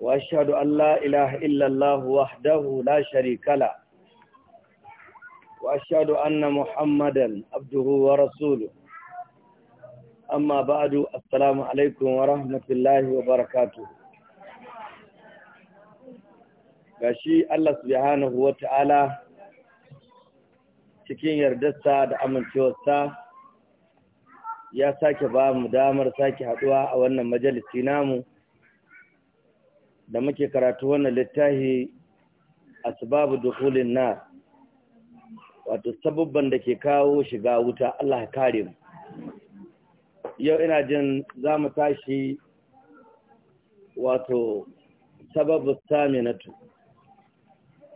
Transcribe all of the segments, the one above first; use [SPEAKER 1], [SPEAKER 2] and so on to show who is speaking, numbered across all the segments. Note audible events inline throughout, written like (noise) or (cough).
[SPEAKER 1] وأشهد أن لا إله إلا الله وحده لا شريك له وأشهد أن محمدا عبده ورسوله أما بعد السلام عليكم ورحمة الله وبركاته gashi Allah subhanahu wa ta'ala cikin yardarsa da amincewarsa ya sake ba mu damar sake haduwa a wannan majalisi namu da muke karatu wannan littafi asbabu dukhulin nar wato sabubban da ke kawo shiga wuta Allah ya kare mu yau ina jin za mu tashi wato sababu saminatu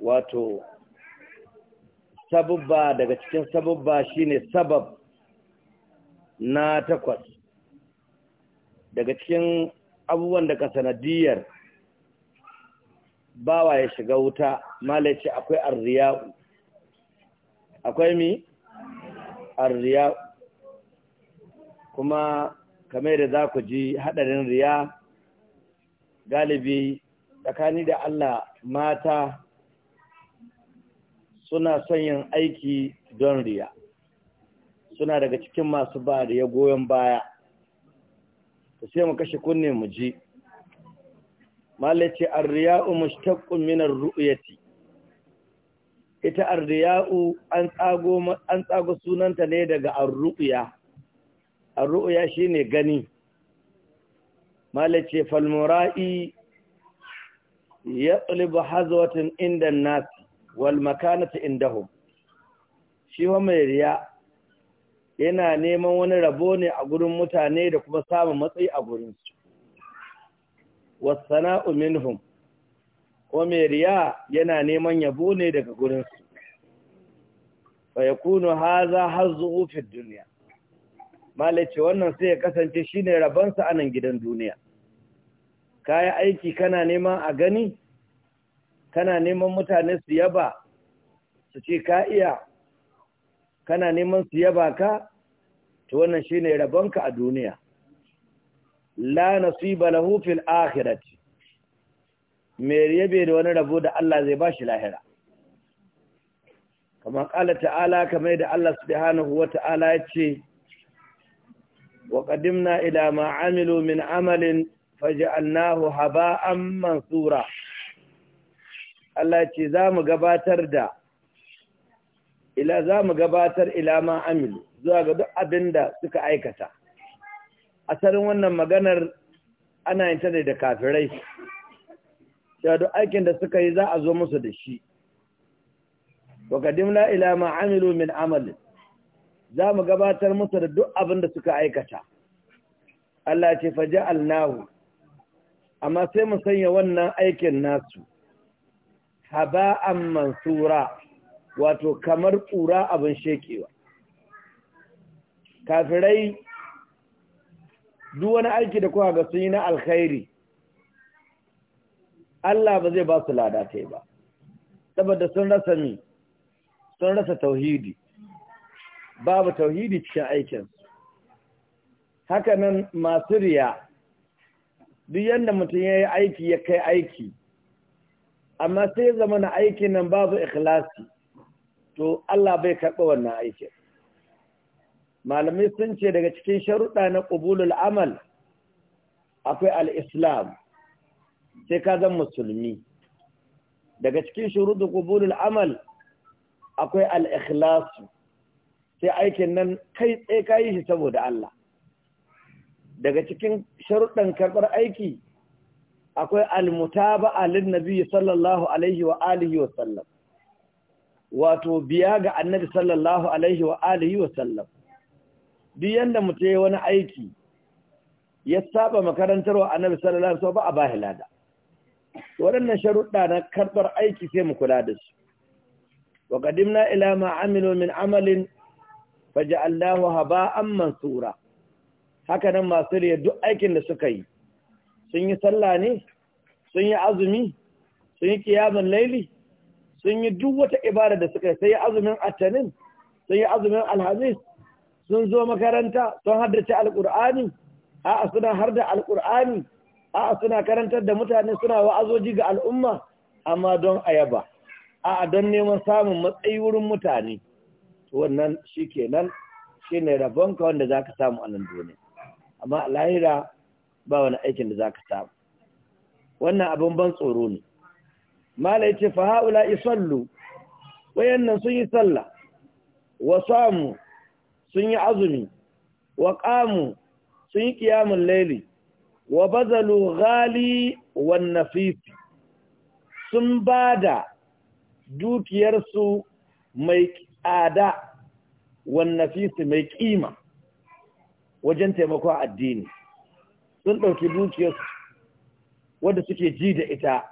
[SPEAKER 1] wato sabubba daga cikin sabubba shine sabab na takwas daga cikin abubuwan da ka sanadiyar bawa ya shiga wuta malaci akwai arriya'u akwai mi arriya'u kuma kamar da za ku ji hadarin riya galibi tsakani da Allah mata suna son yin aiki don riya suna daga cikin masu ba da ya goyon baya ta sai mu kashe kunne mu ji malace arriya'u mushtaqqun min arru'yati ita arriya'u an tsago an tsago sunanta ne daga arru'ya arru'ya shine gani malace fal mura'i yatlubu hazwatan inda an-nas wal makanata indahum shi wa mai riya yana neman wani rabo ne a gurin mutane da kuma samun matsayi a gurinsu wasana'u minhum ko mai riya yana neman yabo ne daga gurinsu fa ya kunu haza hazu fi duniya malace wannan sai ya kasance shi ne rabansa a nan gidan duniya kaya aiki kana neman a gani kana neman mutane su yaba su ce ka iya kana neman su yaba ka to wannan shi shine rabonka a duniya la nasiba lahu fil akhirati mai yabe da wani rabo da Allah zai bashi lahira kamar ƙala ta'ala kamar da Allah subhanahu wa ta'ala ya wa qadimna ila ma amilu min amalin faj'alnahu haba'an mansura Allah ce za mu gabatar da ila zamu gabatar ila ma amilu zuwa ga duk abinda suka aikata asalin wannan maganar ana yin ta ne da kafirai cewa aikin da suka yi za a zo musu da shi wa qadimna ila amilu min amal za mu gabatar musu da duk abin da suka aikata Allah ce faja'alnahu amma sai mu sanya wannan aikin nasu haba'an mansura wato kamar ƙura abin shekewa kafirai duk wani aiki da kuka ga sun yi na alkhairi Allah ba zai ba su lada ta ba saboda sun rasa ni sun rasa tauhidi babu tauhidi cikin aikin haka nan masu riya duk yadda mutum ya yi aiki ya kai aiki amma sai zama na aikin nan babu ikhlasi to Allah bai karɓa wannan aikin malamai sun ce daga cikin sharuɗa na ƙubulul amal akwai al'islam sai ka zan musulmi daga cikin shuruɗa ƙubulul amal akwai al'ikhlasu sai aikin nan kai tsaye ka yi shi saboda Allah daga cikin sharuɗan karɓar aiki akwai almutaba alin nabi sallallahu alaihi wa alihi wa sallam wato biya ga annabi sallallahu alaihi wa alihi wa sallam duk yanda mu ya wani aiki ya saba makarantarwa annabi sallallahu alaihi wasallam ba a bahi lada waɗannan sharuɗa na karɓar aiki sai mu kula da su wa qadimna ila ma amilu min amalin haba haba'an mansura haka nan masu riya duk aikin da suka yi sun yi sallah ne sun yi azumi sun yi kiyamun laili sun yi duk wata ibada da suka yi sai azumin atanin sun yi azumin alhamis sun zo makaranta sun haddace alƙur'ani a suna har da alƙur'ani a suna karantar da mutane suna wa'azoji ga al'umma amma don ayaba a don neman samun matsayi wurin mutane wannan shi ke nan, shi ne rabonka wanda za ka samu a nan duniya amma lahira ba wani aikin da za ka samu wannan abin ban tsoro ne mala ya ce faha'ula isallu wayannan sun yi sallah wa samu sun yi azumi wa ƙamu sun yi ƙiyamun layli wa bazalu ghali wan nafifi, sun bada dukiyarsu mai tsada wan nafifi mai kima wajen taimakon addini sun ɗauki dukiyarsu wadda suke ji da ita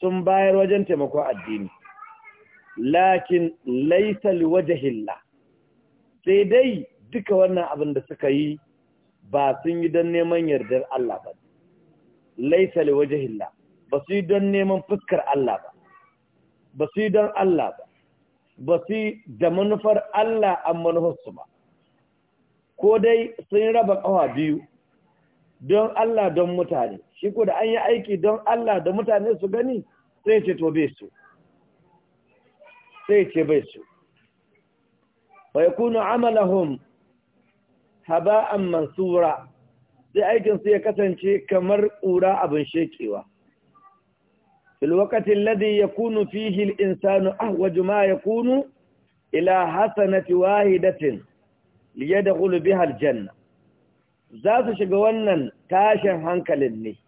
[SPEAKER 1] sun bayar wajen taimakon addini lakin laisa liwajahillah sai dai duka wannan abin da suka yi ba sun yi don neman yardar Allah ba laisa liwajhillah ba su yi don neman fuskar Allah ba ba su yi don Allah ba ba su da manufar Allah a manufarsu ba ko dai sun raba ƙawa biyu don Allah don mutane shi ko da an yi aiki don Allah da mutane su gani sai ce to bai su sai ce bai su kunu Amala amalahum haba'an mansura sai aikinsu ya kasance kamar ƙura abin shekewa fil waqtin ladhi yakunu fihi al-insanu ahwaju ma kunu. ila hasanati wahidatin liyadkhulu biha al-janna za su shiga wannan tashin hankalin ne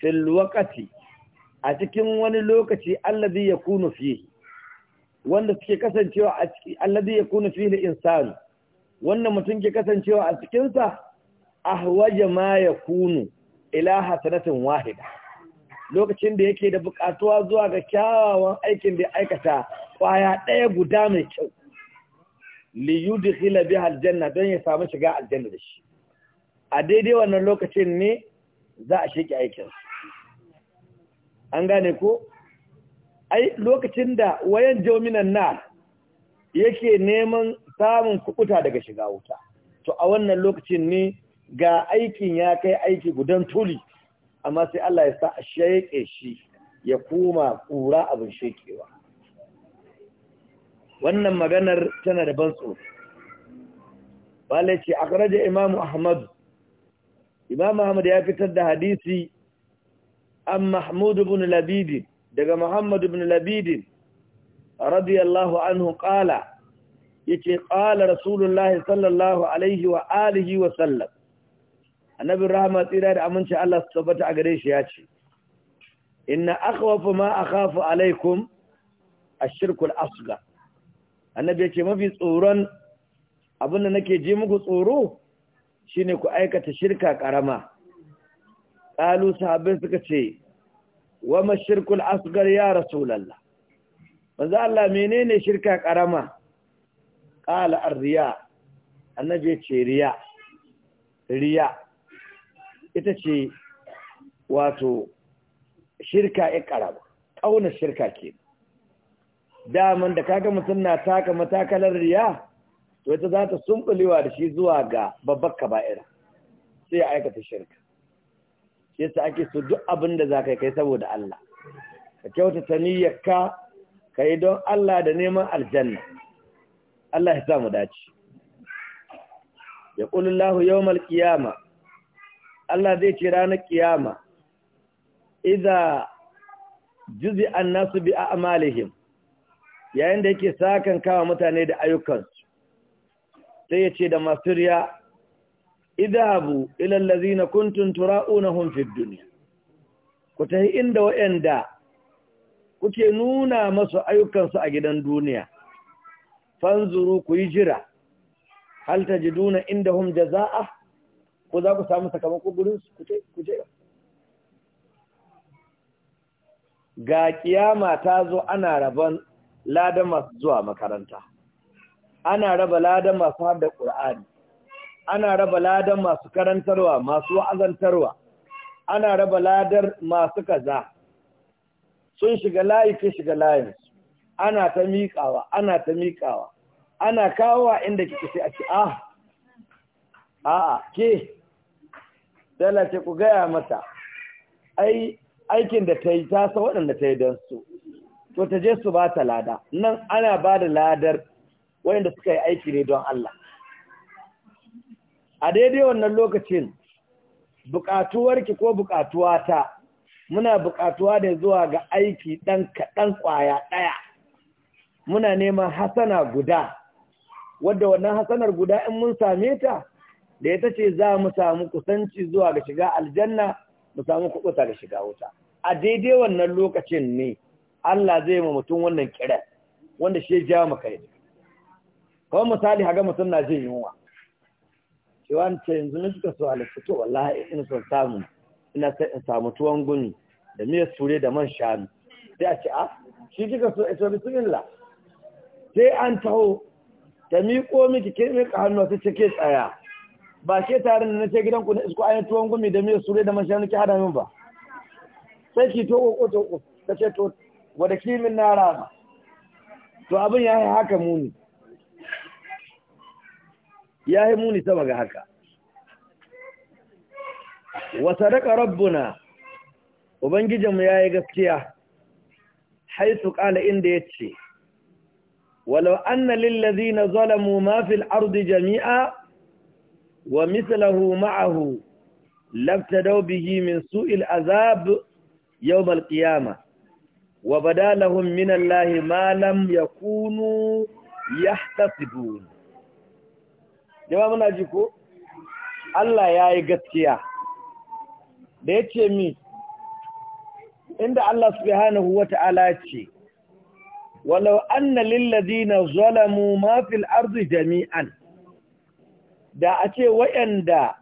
[SPEAKER 1] fil a cikin wani lokaci alladhi yakunu fihi wanda suke kasancewa a ciki alladhi yakunu fihi al-insan wanda mutum ke kasancewa a cikin sa ahwaja ma yakunu ila hasanatin wahida lokacin da yake da bukatuwa zuwa ga kyawawan aikin da aikata kwaya ɗaya guda mai kyau li yudkhila biha aljanna don ya samu shiga aljanna da shi a daidai wannan lokacin ne za a sheke aikin an gane ko ai lokacin da wayan jominan na yake neman samun kukuta daga shiga wuta to a wannan lokacin ne ga aikin ya kai aiki gudan tuli amma sai Allah ya sa a sheƙe shi ya kuma ƙura abin sheƙewa wannan maganar tana da ban tsoro Bale ce a da imamu ahmadu imamu ahmad ya fitar da hadisi an mahmudu bin labidi daga Muhammad ibn Labidin radiyallahu anhu qala yace qala Rasulullah sallallahu alaihi wa alihi wa sallam Annabi rahama tsira da aminci Allah su tabbata a gare shi yace inna akhwafu ma akhafu alaikum ash-shirku al-asghar Annabi yace mafi tsoron abinda nake ji muku tsoro shine ku aikata shirka karama qalu sahabbai suka ce Wama shirkul asgar ya rasulallah manzo Allah menene shirka karama qala ar-riya annabi ce riya riya ita ce wato shirka e karama kauna shirka ke daman da kaga mutum na taka matakalar riya to ita za ta sumbulewa da shi zuwa ga babbar kaba'ira sai ya aikata shirka sai yasa ake so duk abin da za ka kai saboda Allah ka kyautata niyyarka ka yi don Allah da neman aljanna Allah ya samu dace ya kulillahu yawmal Allah zai ce ranar ƙiyama, iza juzi annasu bi a'malihim yayin da yake kan kawo mutane da ayyukansu sai ya ce da masu riya idhabu ila alladhina kuntum tura'unahum fi dunya ku tahi inda wa'anda kuke nuna masu su a gidan duniya fanzuru ku yi jira hal tajiduna indahum jazaa'a ko za ku samu sakamako gurin su ku je ga kiyama ta zo ana raban ladan masu zuwa makaranta ana raba ladan masu da ƙur'ani ana raba ladan masu karantarwa masu wa'azantarwa ana raba ladar masu kaza sun shiga layi ke shiga layinsu ana ta miƙawa ana ta miƙawa ana kawowa inda kike sai a ce a ah, a'a ke dala ce ku gaya mata ai aikin da ta yi ta sa waɗanda ta yi don su to ta je su ba ta lada nan ana ba da ladar waɗanda suka yi aiki ne don Allah a daidai wannan lokacin bukatuwarki ko ta, muna bukatuwa da zuwa ga aiki ɗan kaɗan ƙwaya ɗaya muna neman hasana guda wadda wannan hasanar guda in mun same ta da ita ce za mu samu kusanci zuwa ga shiga aljanna mu samu kuɓuta ga shiga wuta a daidai wannan lokacin ne Allah zai ma mutum wannan kiran, wanda shi ya ja mu kai kawai misali haga mutum na jin yunwa cewa an ce yanzu na suka so halittu to wallahi in son samu ina son in samu tuwon gumi da miyar sure da man shanu sai a ce a ah, shi kika so ita la sai an taho ta miƙo miki ke miƙa hannu sai ce ke tsaya ba ke tare da na ce gidan ku na isko ayan tuwon gumi da miyar sure da man shanu ki hada min ba sai ki to ko to ta ce to wada kimin na rama to abin ya yi haka muni ya yi muni sama ga haka wata daga rabbuna ubangijinmu ya yi gaskiya haisu kala inda ya ce walau anna lillazi na zalamu mafil ardi jami'a wa mislahu ma'ahu labtadau bihi min su'il azab yau al wa badalahum minallahi malam ya kunu yakunu yahtasibun jama muna ji ko Allah ya yi gaskiya da ya ce mi inda Allah Su huwa ta'ala ce walau anna lillazina zalamu ma fil jami'an da a ce wayanda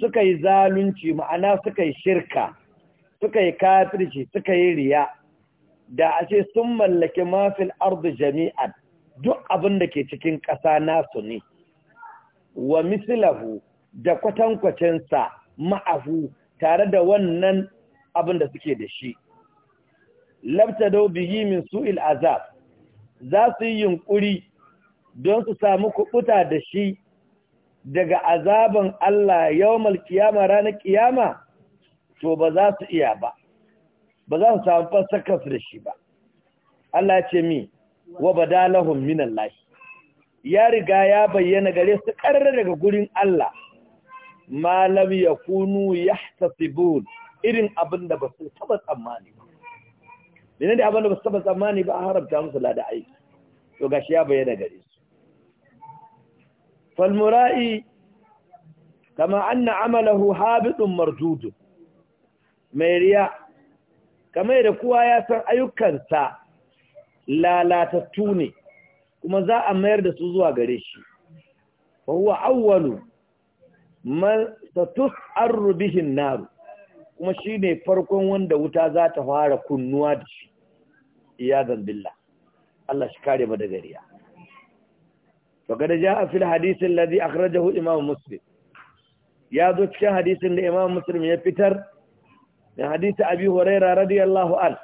[SPEAKER 1] suka yi zalunci ma'ana suka yi shirka suka yi kafirci suka yi riya da a ce sun mallaki mafil ardu jami'an duk abin da ke cikin ƙasa nasu ne wa mislahu da kwatankwacensa ma'ahu tare da wannan abin da suke da shi da bihi min su'il azab za su yi yunƙuri don su samu kuɓuta da shi daga azaban Allah yawmal kiyama ranar kiyama to ba za su iya ba ba za su samu fasakarsu da shi ba Allah ce mi wa badalahum minallahi ya riga ya bayyana gare su ƙarar daga gurin Allah malam ya kunu ya tasibun irin abin da ba su taba tsammani ba ne da abin da ba su taba tsammani ba a haramta musu lada aiki to gashi ya bayyana gare su mura'i kama anna amalahu habidun mardudu mai riya kamar da kowa ya san ayyukansa lalatattu ne kuma za a mayar da su zuwa gare shi fa huwa awwalu man satus'arru naru. nar kuma shine farkon wanda wuta za ta fara kunnuwa da shi iyadan billah Allah shi kare mu daga riya To kada jaa fil hadith alladhi akhrajahu imam muslim ya zo cikin hadisin da imam muslim ya fitar da hadisi abi huraira radiyallahu an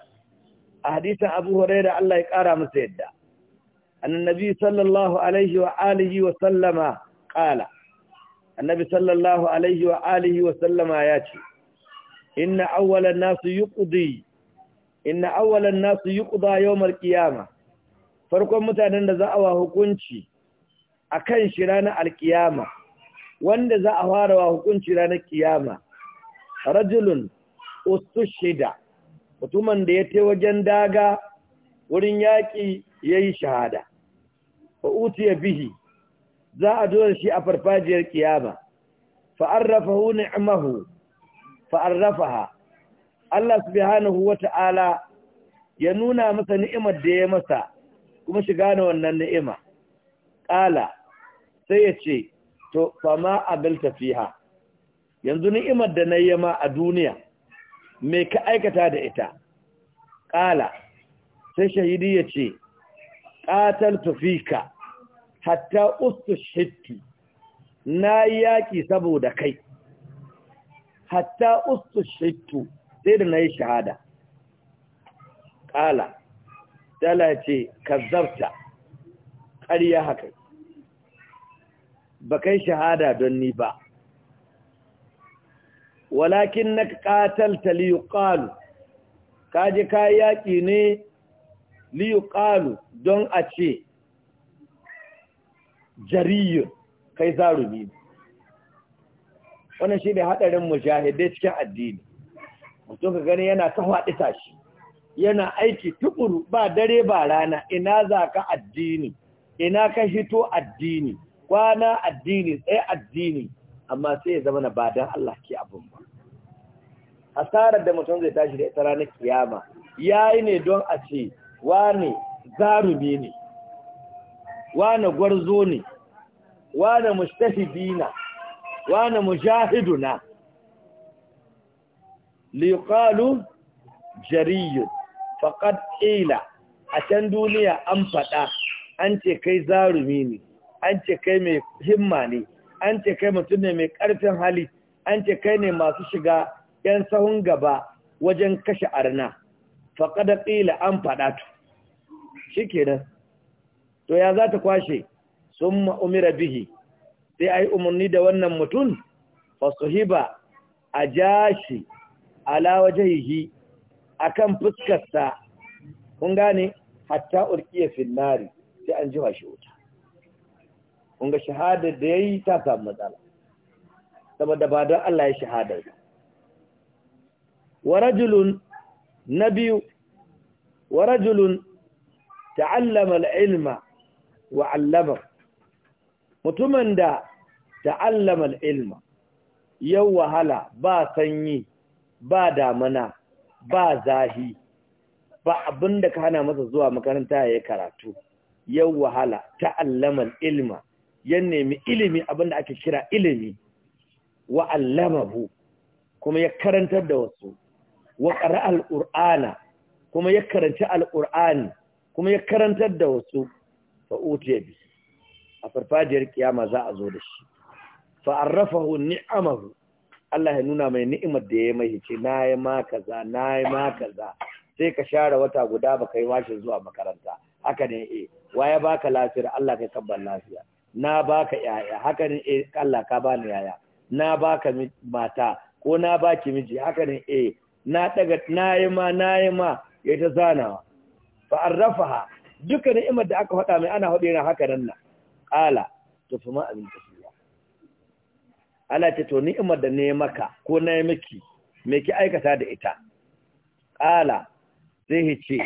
[SPEAKER 1] a hadisin abu huraira Allah ya kara masa yadda أن النبي صلى الله عليه وآله وسلم قال النبي صلى الله عليه وآله وسلم آياتي farkon mutanen da za a wa hukunci a kan shi ranar alkiyama wanda za a fara wa hukunci ranar kiyama rajulun shida mutumin da ya te wajen daga wurin yaƙi ya yi shahada fa ya bihi za a zo shi a farfajiyar kiyama fa arrafahu ni'mahu fa arrafaha Allah subhanahu wata'ala ya nuna masa ni'imar da ya masa kuma shiga na wannan ni'ima qala sai ya ce to fama abilta fiha yanzu ni'imar da nayi ma a duniya me ka aikata da ita qala sai shahidi ya ce ƙataltu fika hatta ustu shittu na yaƙi saboda kai hatta ustu shittu sai da na yi shahada ƙala Dala ce kazzarta ƙariya haka ba kai shahada don ni ba walakin na ƙatalta liyu ƙalu kaji ka yaƙi ne liyu ƙalu don a ce jariyun kai zarumi wannan shi ne haɗarin mujahidai cikin addini mutum ka gani yana ta haɗi tashi yana aiki tukuru ba dare ba rana ina za ka addini ina ka hito addini kwana addini tsaye addini amma sai ya zama na ba don Allah ke abin ba asarar da mutum zai tashi da ita ranar kiyama ya yi ne don a ce wane zarumi ne wane gwarzo ne wane mustahidina wane mujahiduna liqalu jariyun faqad ƙila. a can duniya an faɗa an ce kai zarumi ne an ce kai mai himma ne an ce kai mutum ne mai ƙarfin hali an ce kai ne masu shiga 'yan sahun gaba wajen kashe arna faƙada ƙila an faɗa tu shi kenan to ya za ta kwashe sun ma'umira bihi sai a yi umarni da wannan mutum fasuhiba a ja shi alawajahihi a kan fuskarsa kun gane hatta urkiya finnari sai an jiwa shi wuta kun ga shahadar da ya yi ta samu matsala saboda ba don Allah ya shahadar da wa rajulun na biyu wa rajulun ta'allama ilma wa 'allama mutumin da ta'allamal al-ilma yau wahala ba sanyi ba damana ba zafi, ba abin da ka hana masa zuwa makaranta ya karatu yau wahala ta'allama ilma ya nemi ilimi abin da ake kira ilimi wa allamahu kuma ya karantar da wasu wa qara al-qur'ana kuma ya karanci al-qur'ani kuma ya karantar da wasu fa utiya bi a farfajiyar kiyama za a zo da shi fa arrafahu ni'amahu Allah ya nuna mai ni'imar da ya mai ce Na yi ma kaza yi ma kaza sai ka share wata guda ba kai washe zuwa makaranta haka ne eh ya baka lafiya Allah kai kabban lafiya na baka yaya haka ne eh Allah ka bani yaya na baka mata ko na baki miji haka ne eh na daga na yi ma na yi ma yayi ta zanawa fa'arrafaha duka ni'imar da aka faɗa mai ana haɗe na haka nan na ƙala to fi ma abin tafiya. ala ce to ni'imar da ne maka ko na yi miki me ki aikata da ita ƙala sai ce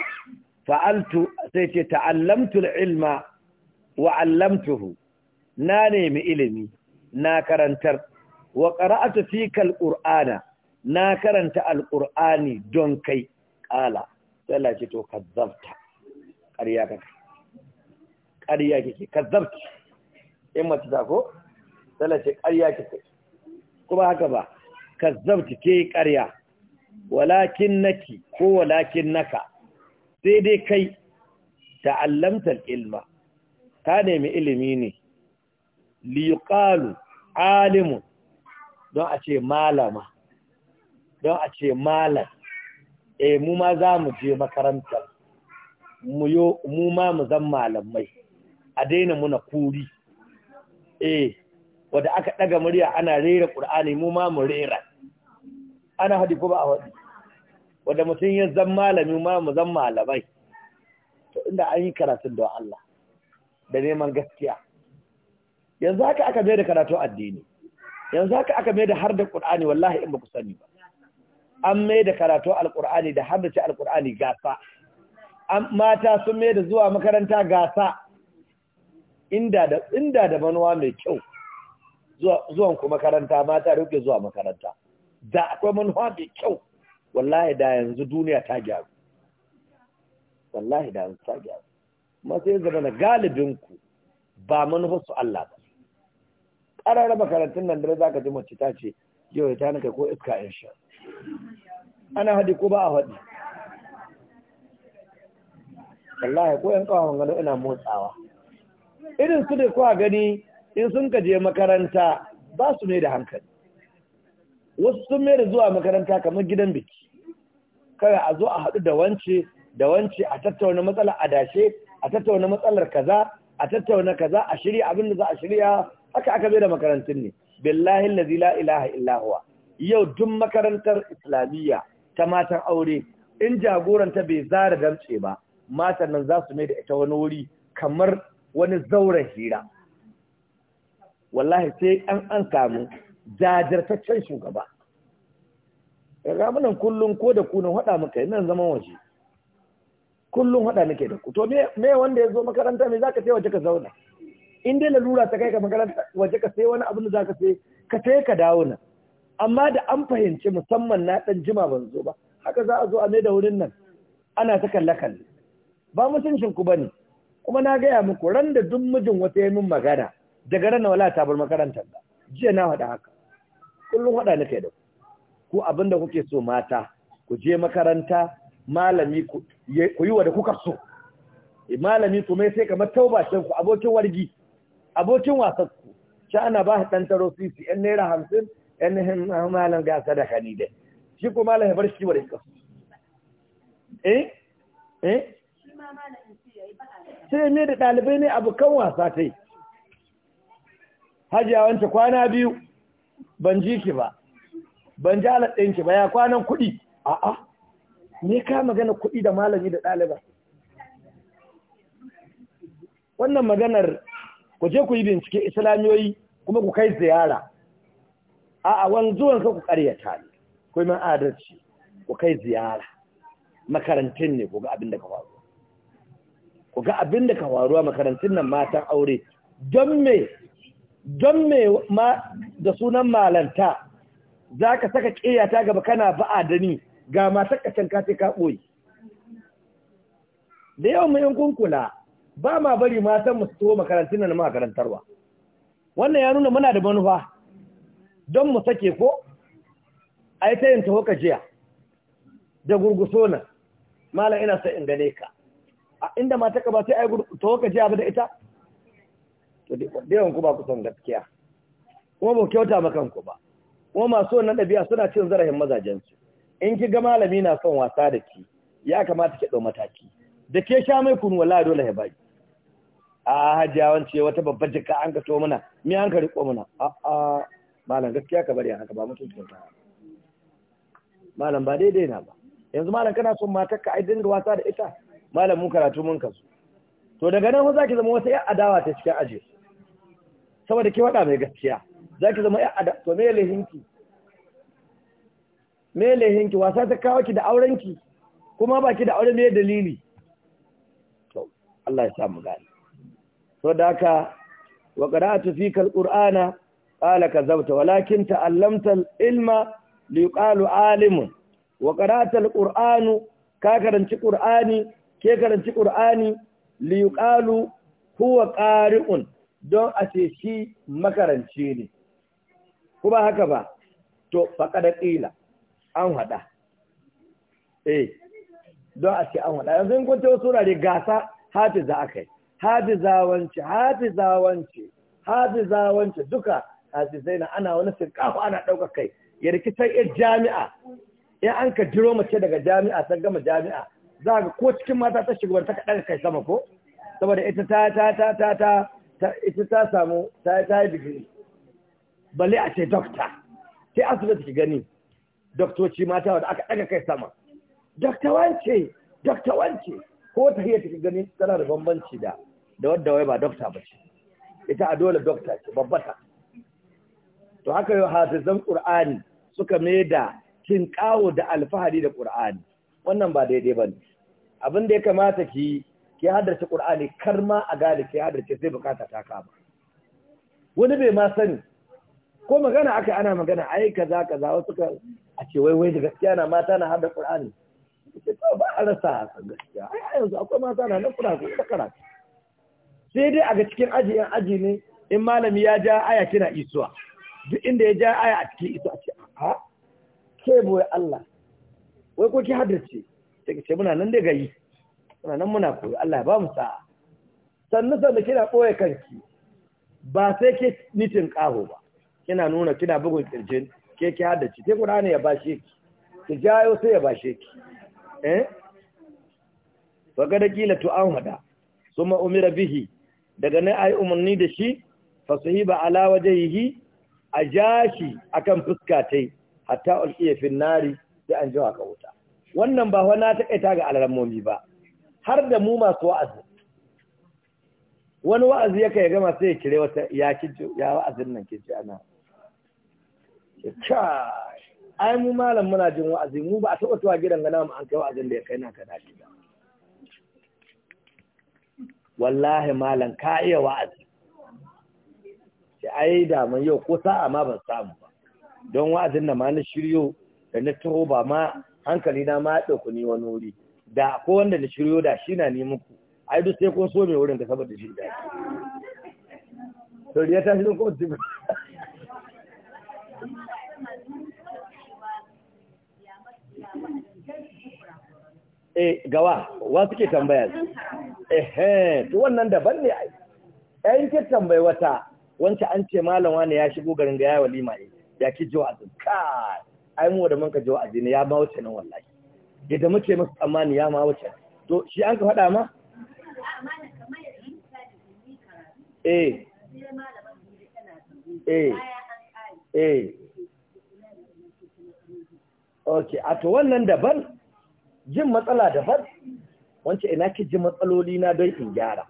[SPEAKER 1] fa'altu sai ce ta'allamtu ilma wa 'allamtuhu na nemi ilimi na karantar wa qara'atu fi al-qur'ana na karanta al-qur'ani don kai ƙala sai Allah ce to kazzabta ƙarya kaka, ƙarya kike kazzabta in mace ta ko sai Allah ce ƙarya kike kuma haka ba kazzabta ke ƙarya walakin naki ko walakin naka sai dai kai ta'allamta ilma ka nemi ilimi ne liƙalu alimun don a ce malama don a ce malam eh mu ma za mu je makarantar mu ma mu zan malamai a daina muna kuri eh wadda aka ɗaga murya ana rera ƙur'ani mu ma mu rera ana haɗi ko ba a haɗi wadda mutum ya zan malami ma mu zan malamai to inda an yi karatun don Allah da neman gaskiya yanzu haka aka mai da karatun addini yanzu haka aka mai da har da ƙur'ani wallahi in ba ku sani ba an mai da karatu alkur'ani da haddace alkur'ani gasa mata sun mai da zuwa makaranta gasa inda da inda da manuwa mai kyau zuwa ku makaranta mata rufe zuwa makaranta da akwai manuwa mai kyau wallahi da yanzu duniya ta gyaru wallahi da yanzu ta gyaru kuma sai zama na galibinku ba manufarsu Allah ba ƙararra makarantun nan da za ka ji mace ta ce yau ya ta naka ko iska in sha ana haɗi ko ba a haɗi wallahi ko yan kawo gano ina motsawa irin su da kwa gani in sun ka je makaranta ba su ne da hankali wasu sun mai da zuwa makaranta kamar gidan biki kawai a zo a haɗu da wance da wance a tattauna matsalar adashe a tattauna matsalar kaza a tattauna kaza a shirya abin da za a shirya haka aka bai da makarantun ne billahi lazi la ilaha illahuwa yau duk makarantar islamiyya ta matan aure in jagoranta bai zara damce ba matan nan za su mai da ita wani wuri kamar wani zauren hira wallahi sai an an samu jajirtaccen shugaba ramunan kullum ko da kunan hada muka yi nan zama waje kullum hada nake da ku to me wanda ya zo makaranta me za ka sai waje ka zauna in dai lalura ta kai ka makaranta waje ka sai wani abin da za ka sai ka sai ka dawo nan amma da an fahimci musamman na ɗan jima ban zo ba haka za a zo a da wurin nan ana ta kalle-kalle ba mutuncin ku bane kuma na gaya muku ran da duk mijin wata ya min magana daga ran wala ta bar makarantar ba jiya na faɗa haka kullum faɗa kai da ku ku abin kuke so mata ku je makaranta malami ku yi wa da kuka so eh, malami ku mai sai kamar taubacin ku abokin wargi abokin wasan ku ana ba ɗan taro sisi yan naira hamsin ainihin ah, malam ga sadaka ni dai shi kuma malam ya bar shi bar iska eh eh sai me da dalibai ne abokan wasa ta tai hajiya wancan kwana biyu ban ji ki ba ban ji alat ɗinki ba ya kwanan kuɗi a'a me ka magana kuɗi da malami da ɗaliba wannan maganar ku je ku yi bincike islamiyoyi kuma ku kai ziyara a'a wanzuwan ka ku karyata ne ku yi adalci ku kai ziyara makarantun ne ku ga abin da ka faru ku ga abin da ka a makarantun nan matan aure don me don me da sunan malanta za ka saka ƙiyata gaba kana ba'a da ni ga matan kacan ka ka ɓoyi da yawan mai kunkula ba ma bari matan mu su makarantun nan makarantarwa wannan ya nuna muna da manufa don mu sake ko a yi ta yin taho jiya da gurguso na malam ina sa in gane ka a inda mata ka ba sai a yi taho jiya ba da ita to da yawan ku ba kusan gaskiya kuma ba kyauta ma kanku ba kuma masu wannan ɗabi'a suna cin zarafin mazajensu in ki ga malami na son wasa da ki ya kamata ki ɗau mataki da ke sha mai kunu wala dole ya baki a hajiya wata babbar jika an ka to mana me an ka riƙo mana A'a. a malam gaskiya ka bari haka ba mutuncin ta malam ba daidai na ba yanzu malam kana son matar ka ai dinga wasa da ita malam mun karatu mun kasu to daga nan zaki zama wata ya adawa ta cikin aje saboda ki wada mai gaskiya zaki zama ya adawa to me lehinki me lehinki wasa ta kawo ki da aurenki kuma baki da aure me dalili to Allah ya sa mu gani saboda haka wa qara'atu al qurana qala kazabta walakin ta'allamta al-ilma li yuqalu alimun wa qara'ta al ka karanci qur'ani ke karanci qur'ani li yuqalu huwa qari'un don a ce shi makaranci ne kuma haka ba to faqada qila an hada eh don a ce an hada yanzu in kun wasu sura gasa hafiza akai hafiza wance hafiza wance hafiza wance duka azizai na ana wani sirkafa ana ɗaukar kai ya rikitar yar jami'a in an ka jiro mace daga jami'a sun gama jami'a za ga ko cikin mata ta wani ta kaɗa kai sama ko saboda ita ta ta ta ta ta ita ta samu ta ta yi digiri balle a ce dokta sai asibiti ki gani doktoci mata wanda aka ɗaga kai sama dokta wance dokta wance ko ta hiyar ki gani tana da bambanci da da wadda wai ba dokta ba ce ita a dole dokta ce babbata to haka yau hafizan qur'ani suka da kin kawo da alfahari da qur'ani wannan ba daidai ba ne. abin da ya kamata ki ki haddace qur'ani kar ma a gane ki haddace sai bukata ta kama wani bai ma sani ko magana aka ana magana ai kaza kaza wasu ka a ce wai wai da gaskiya na mata na hadda qur'ani ce to ba a rasa gaskiya ai yanzu akwai mata na nan qur'ani da takara. sai dai a ga cikin aji yan aji ne in malami ya ja aya kina isuwa duk inda ya ja aya a cikin ita a ce a ke boye Allah wai ko ki haddace take ce muna nan da gari muna nan muna koyi Allah ya ba mu sa'a sannan sannan kina boye kanki ba sai ke nitin kaho ba kina nuna kina bugun kirjin ke ki haddace sai Qur'ani ya bashe ki ki jayo sai ya bashe ki eh wa kada kila tu'amada suma umira bihi daga nan ai umarni da shi fasuhiba ala wajhihi a ja shi akan fuska ta yi hatta ulqiya fi nari sai an jawa ka wuta wannan ba wani taƙaita ga alarammomi ba har da mu masu wa'azi wani wa'azi ya ya gama sai ya kire wata ya kijjo ya wa'azin nan kijjo ana kai ai mu malam muna jin wa'azi mu ba a taɓa tuwa gidan gana mu an kai wa'azin da ya kai na ka dace ba wallahi malam ka iya wa'azi a ai da man yau ko sa'a ma ban samu ba don wa'azin na ma na shiryo da na taho ba ma hankali na ma ɗauku ni wani wuri da ko wanda na shiryo da shi na nemi ku ai duk sai kun so mai wurin da saboda shi da
[SPEAKER 2] shi
[SPEAKER 1] to riya ta shi ko ba eh gawa wa suke tambaya eh eh to wannan daban ne ai ai ke tambayi wata wancan an ce malam ne ya shigo garin ga ya walima ne ya ki jiwa wa'azi kai ai mu da mun ka ji wa'azi ne ya ma wuce nan wallahi yadda muke musu tsammani ya ma wuce to shi an ka faɗa ma eh
[SPEAKER 2] eh eh
[SPEAKER 1] okay a to wannan daban jin matsala daban wancan ina ki ji matsaloli na don in gyara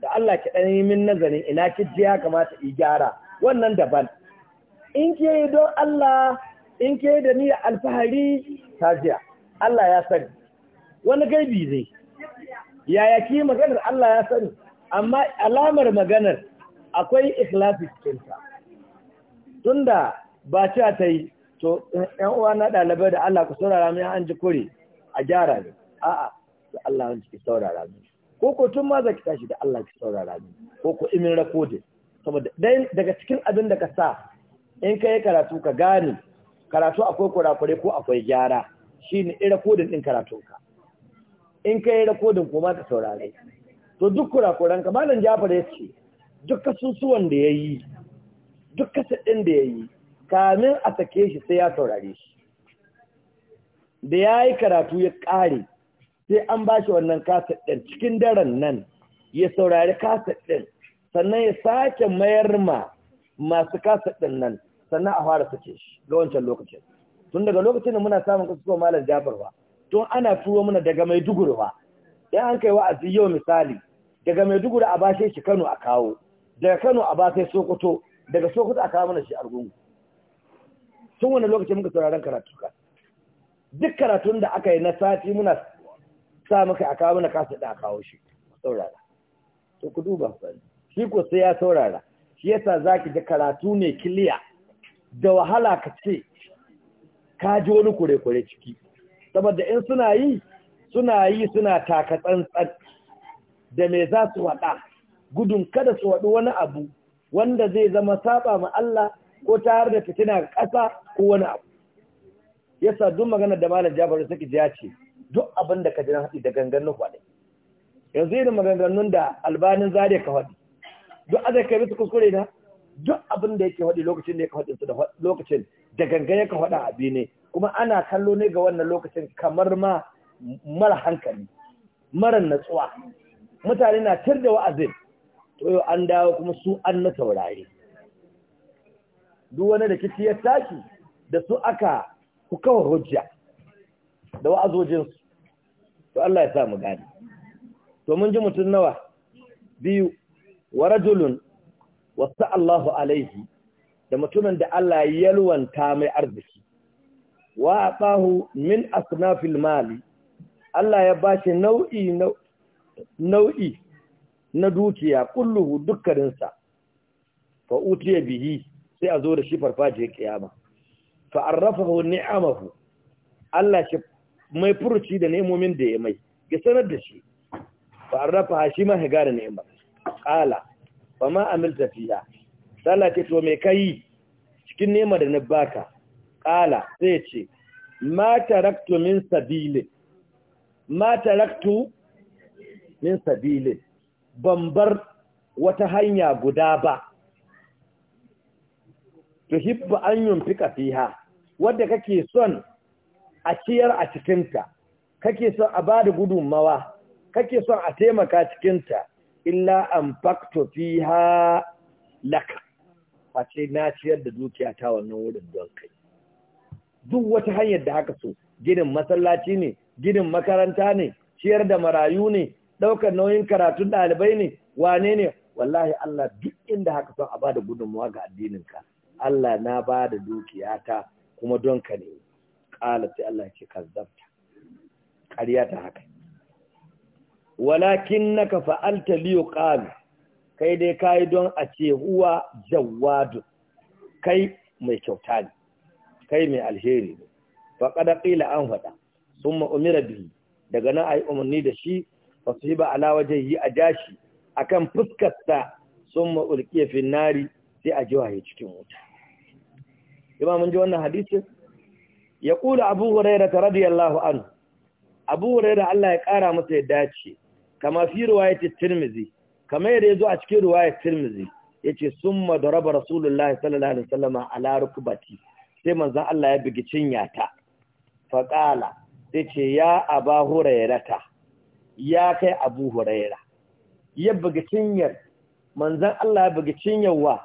[SPEAKER 1] da Allah ki ɗan yi min nazarin ina ki je ya kamata i gyara wannan daban in ke yi don Allah in ke da ni alfahari ta jiya Allah ya sani wani gaibi zai yaya ki maganar Allah ya sani amma alamar maganar akwai ikhlasi cikinta tunda ba ci ta yi to ɗan uwa na ɗalibai da Allah ku saurara mai an ji kure a gyara ne a'a Allah an ji saurara min. ko ko tun ma za ki tashi da Allah ki saurara ni ko ko imin rakodin saboda daga cikin abin da ka sa in ka yi karatu ka gane karatu akwai kurakure ko akwai gyara shine in rakodin din karatun ka in ka yi rakodin ko ma ka saurare to duk kurakuranka ka malam Jafar ya ce duk kasusuwan da ya yi duk kasadin da ya yi kamin a sake shi sai ya saurare shi da ya yi karatu ya ƙare sai an ba shi wannan kaset ɗin cikin daren nan ya saurari kaset ɗin sannan ya sake mayar ma masu kaset ɗin nan sannan a fara sake shi ga wancan lokacin tun daga lokacin da muna samun kasuwa malam jafar ba tun ana turo muna daga mai ba in an kai wa'azi yau misali daga mai maiduguri a bashe shi kano a kawo daga kano a basai sokoto daga sokoto a kawo mana shi argungu tun wani lokacin muka sauraron karatu ka duk karatun da aka yi na sati muna sa maka a kawo mana kasa da kawo shi saurara to ku duba shi ko sai ya saurara shi yasa zaki da karatu ne kiliya da wahala ka ce ka ji wani kure-kure ciki saboda in suna yi suna yi suna taka tsantsan da me za su wada gudun kada su waɗi wani abu wanda zai zama saba ma Allah ko tare da fitina ƙasa ko wani abu yasa duk magana da malam ki saki ya ce duk abin da ka ji na haɗi da gangan na faɗi yanzu irin maganganun da albanin zare ka faɗi duk azai kai bisa kuskure na duk abin da yake faɗi lokacin da ya faɗi su da lokacin da gangan ya ka faɗa abi ne kuma ana kallo ne ga wannan lokacin kamar ma mara hankali mara natsuwa mutane na tir da wa'azin to yau an dawo kuma su an na taurari duk wani da kici ya tashi da su aka hukawa hujja da wa'azojinsu to Allah ya sa mu gane to mun ji mutum nawa biyu wa rajulun wasa Allahu alaihi da mutumin da Allah ya yalwanta mai arziki wa atahu min asnafil mali Allah ya bashi nau'i nau'i na dukiya kulluhu dukkaninsa fa utiya bihi sai a zo da shi farfaje kiyama fa arrafahu ni'amahu Allah shi mai furuci da nemomin da ya mai ya sanar da shi ba a rafa shi ma higa da neman ƙala ba ma amil tafiya sala ce to mai kai cikin nema da na baka ƙala sai ce ma taraktu min sabilin ma taraktu min sabilin ban bar wata hanya guda ba tuhibba an fi fiha wadda kake son a ciyar a cikinta kake son a bada gudunmawa kake son a taimaka cikinta illa an fakto ha laka face na ciyar da dukiya ta wannan wurin don kai duk wata hanyar da haka so ginin masallaci ne ginin makaranta ne ciyar da marayu ne ɗaukar nauyin karatun ɗalibai ne wane ne wallahi Allah duk inda haka son a ba da gudunmawa ga addininka Allah na ba bada dukiyata kuma don ka ne ƙala sai Allah ce kazzabta ƙarya ta haka walakin naka fa'alta liyo ƙalu kai dai kayi don a ce huwa jawadu kai mai kyauta ne kai mai alheri ne kada ƙila an faɗa sun ma'umira biyu daga nan a umarni da shi ba su yi ba ala wajen yi a jashi a kan fuskarsa sun ma'ulƙiyafin nari sai a jiwa ya cikin wuta. Ima mun ji wannan hadisin? ya kula abu huraira ta radiyallahu anhu abu huraira Allah ya kara masa ya dace kama fi riwayatit tirmizi kama yadda yazo a cikin riwayat tirmizi yace summa daraba rasulullahi sallallahu alaihi wasallam ala rukbati sai manzan Allah ya bigi ta fa qala yace ya aba ta ya kai abu huraira ya bigi cinyar manzon Allah ya bigi cinyar wa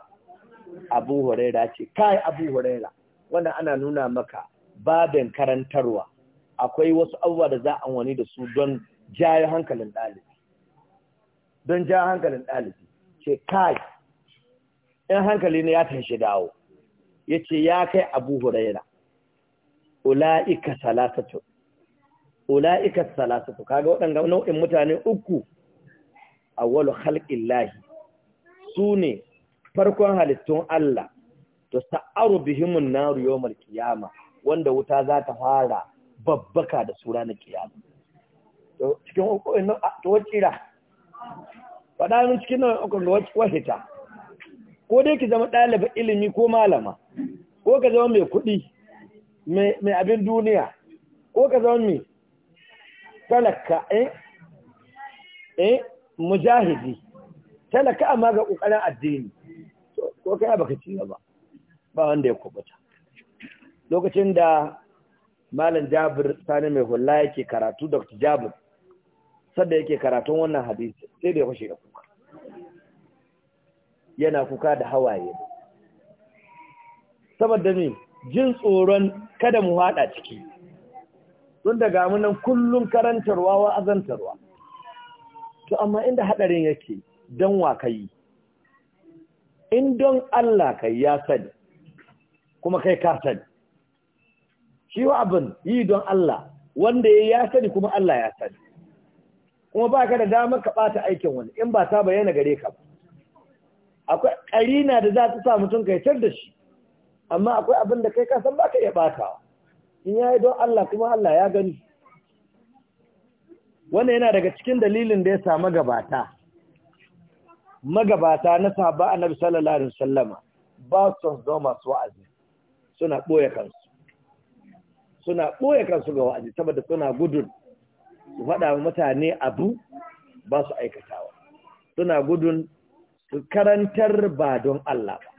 [SPEAKER 1] abu huraira ce kai abu huraira wannan ana nuna maka babin karantarwa akwai wasu abubuwa da za a wani da su don jayo hankalin ɗalibi don jayo hankalin ɗalibi ce kai in hankali ne ya tashi dawo ya ce ya kai abu huraira ula'ika salasatu ula'ika salasatu kaga waɗanda nau'in mutane uku a walu halƙin lahi su ne farkon halittun Allah to sa'aru bihimun naru yawon kiyama wanda wuta za ta fara babbaka da su ranar kiyama to cikin hukumin eh, nan ah, to wacira faɗa min cikin nan uku ga wahita ko dai ki zama ɗalibin ilimi ko malama ko ka zama mai kuɗi mai abin duniya ko ka zama mai talaka eh eh mujahidi talaka amma ga ƙoƙarin addini ko kai baka ci ba ba wanda ya kubuta lokacin da malam jabir sani mai hula yake karatu dr jabir sadda yake karatun wannan hadisi sai da ya fashe da kuka yana kuka da hawaye saboda ne jin tsoron kada mu haɗa ciki don daga munan kullum karantarwa wa azantarwa to amma inda haɗarin yake don wa kai in don Allah kai ya sani kuma kai ka sani shi abin yi don Allah wanda ya ya sani kuma Allah ya sani kuma ba ka da damar ka ɓata aikin wani in ba ta bayyana gare ka ba akwai ƙarina da za ta sa mutum ka yi da shi amma akwai abin da kai kasan ba ka iya ɓata. in ya yi don Allah kuma Allah ya gani wanda yana daga cikin dalilin da ya sa magabata magabata na sahaba annabi sallallahu alaihi wasallama ba su zama masu wa'azi suna ɓoye kansu suna ɓoye kansu ga wa'azi saboda suna gudun su faɗa mutane abu ba su aikatawa suna gudun su karantar ba don Allah ba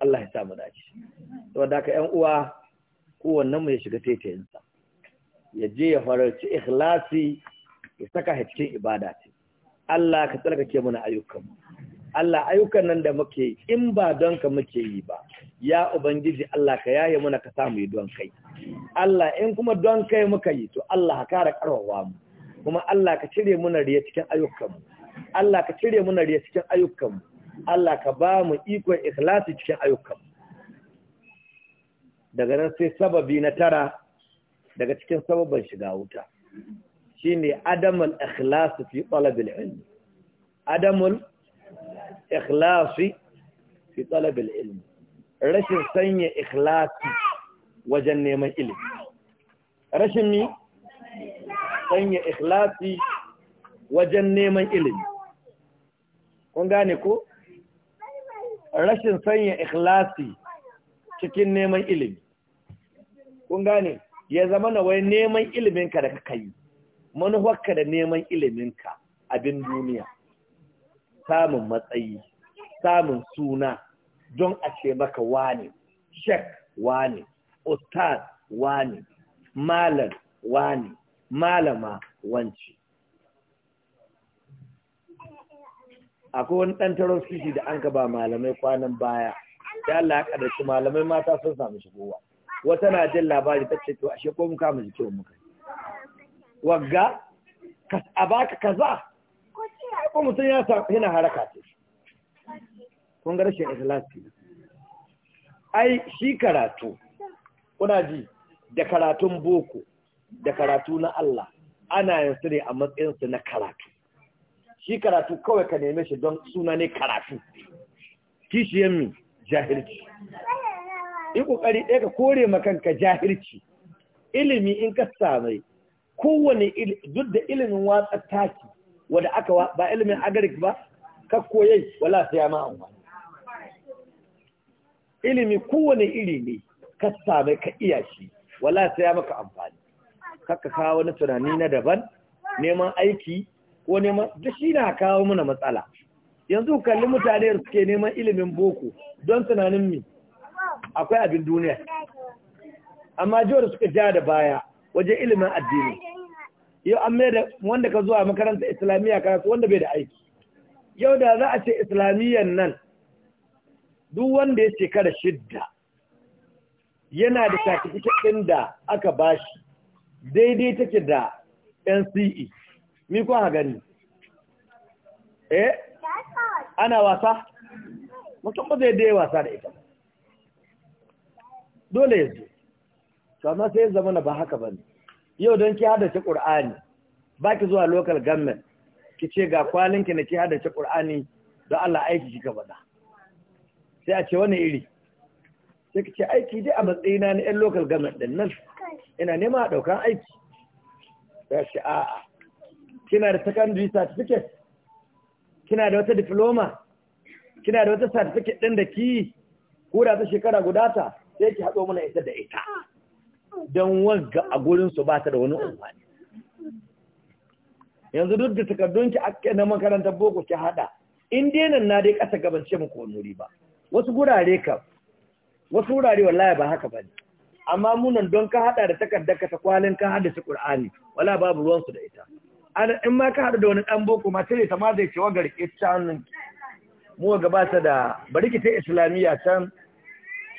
[SPEAKER 1] Allah ya samu dace saboda haka ƴan uwa kowannen mu ya shiga taitayinsa ya je ya farauci ikhlasi ya saka cikin ibada ce Allah ka tsarkake mana ayyukanmu Allah ayyukan nan da muke yi in ba don ka muke yi ba ya ubangiji Allah ka yaye muna ka samu yi don kai Allah in kuma don kai muka yi to Allah ka kara karwawa mu kuma Allah ka cire muna riya cikin ayyukan Allah ka cire muna riya cikin ayyukan Allah ka ba mu ikon ikhlasi cikin ayyukan daga nan sai sababi na tara daga cikin sababan shiga wuta shine adamul ikhlas fi talabil ilmi. adamul ikhlasi fi talabil ilmi rashin sanya ikhlasi wajen neman ilimi rashin mi sanya ikhlasi wajen neman ilimi kun gane ko rashin sanya ikhlasi cikin neman ilimi kun gane ya zama na wai neman iliminka da ka kai manufarka da neman iliminka abin duniya samun matsayi samun suna don a ce maka wani shek wane ustaz wane malam wani malama wanci akwai wani ɗan taron sisi da an ba malamai kwanan baya da Allah ya kadarci malamai mata sun samu shigowa wata na jin labari ta ce to ashe ko muka mu jikin muka wagga a baka kaza ko mutum ya sa yana haraka ce kun ga rashin ikhlasi ai shi karatu kuna ji da karatun boko da karatu na Allah ana yin su ne a matsayinsu na karatu shi karatu kawai ka neme shi don suna ne karatu kishiyan mi jahilci yi kokari ɗaya ka kore makanka jahilci ilimi in ka samai kowane duk da ilimin watsa taki wadda aka ba ilimin agarik ba kakko yai wala sai ya ma amfani ilimi kowane iri ne ka same ka iya shi wala sai ya maka amfani Kaka kawo wani tunani na daban neman aiki ko neman da shi na kawo muna matsala yanzu kalli mutane da suke neman ilimin boko don tunanin mi
[SPEAKER 2] akwai abin duniya
[SPEAKER 1] amma jiwar suka ja da baya wajen ilimin addini yau an mai da wanda ka zuwa makaranta islamiyya ka karatu wanda bai da aiki yau da za a ce islamiyyan nan duk wanda ya shekara shidda yana da certificate ɗin da aka bashi daidai take da NCE mi kun ha gani eh ana wasa mutum ba zai daya wasa da ita dole ya zo sai zama na ba haka bane yau don ki hada ta ƙur'ani ba ki zuwa local government ki ce ga kwalinki na ki hada ta ƙur'ani don Allah aiki kika faɗa sai a ce wani iri sai ki ce aiki dai a matsayina na 'yan local government ɗin nan ina nema a ɗaukan aiki Ya ce a'a kina da secondary certificate kina da wata diploma kina da wata certificate ɗin da ki kura ta shekara guda ta sai ki haɗo mana ita da ita don wanka a gurinsu ba ta da wani umarni. yanzu duk da takardunki ake na makarantar boko ki hada in nan na dai kasa gabance muku wani wuri ba wasu gurare ka wasu gurare wallahi ba haka bane amma munan don ka hada da takardar ka ta kwalin ka hada ta qur'ani wala babu ruwan su da ita ana in ma ka hada da wani ɗan boko ma tare ta ma zai ce wa garke mu ga ba ta da bari ki ta islamiyya can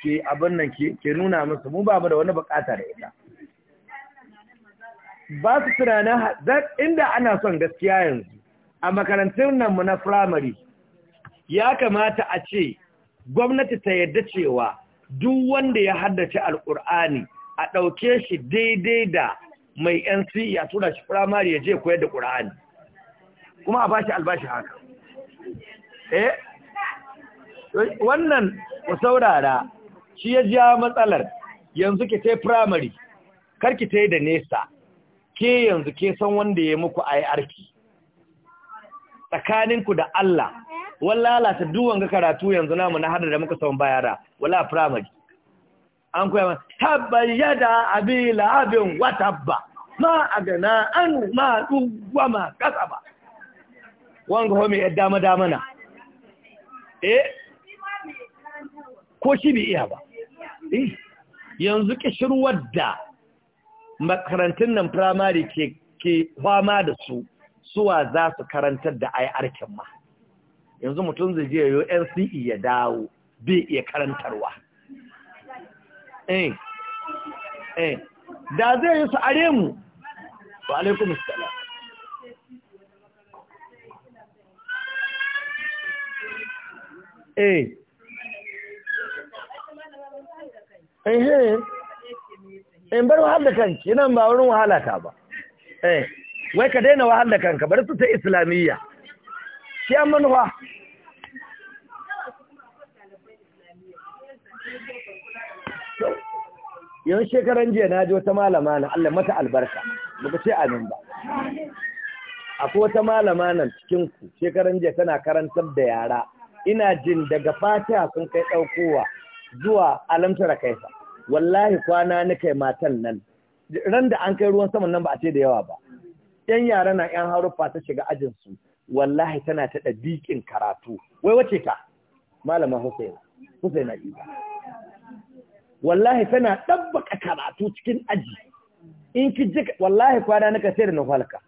[SPEAKER 1] ke abin nan ke nuna musu mu ba mu da wani bukata da ita ba su tunanin inda ana son gaskiya yanzu a makarantun nan mu na firamare ya kamata a ce gwamnati ta yarda cewa duk wanda ya haddace alkur'ani a ɗauke shi daidai da mai si ya e tura shi firamare ya je koyar da ƙur'ani kuma a bashi albashi haka eh wannan ku saurara shi ya ja matsalar yanzu ki tai primary kar ki tai da nesa ke yanzu ke san wanda ya muku arki. tsakaninku da Allah wallala ta duwan ga karatu yanzu namu na hada da muka san bayara wala firamare. an koya tabayyada abila abin watabba ma agana an ma duwa ma kasaba wanga homi ya dama damana eh ko shi bai iya ba eh, yanzu kishirwar da makarantun nan firamare ke ke fama da su suwa za su karantar da IRkin ma yanzu mutum zai je yayo NCE ya dawo bai iya karantarwa eh eh da zai yi su are mu wa alaikum assalam eh eh in bar wahal da kanki nan ba wurin wahalata ba eh wai ka daina wahal da kanka bar su ta islamiyya shi an manuwa yan shekaran jiya na ji wata malama na Allah mata albarka baka ce amin ba akwai wata malama nan cikin shekaran jiya tana karantar da yara ina jin daga fatiha sun kai ɗaukowa zuwa alamtara kaifa wallahi kwana na kai matan nan ran da an kai ruwan saman nan ba a ce da yawa ba yan yara na yan haruffa ta shiga ajin su wallahi tana ta ɗabiƙin karatu wai wace ka, malama Husaina Husaina Isa wallahi tana dabbaka karatu cikin aji in ki jika wallahi kwana na kai sai da na falka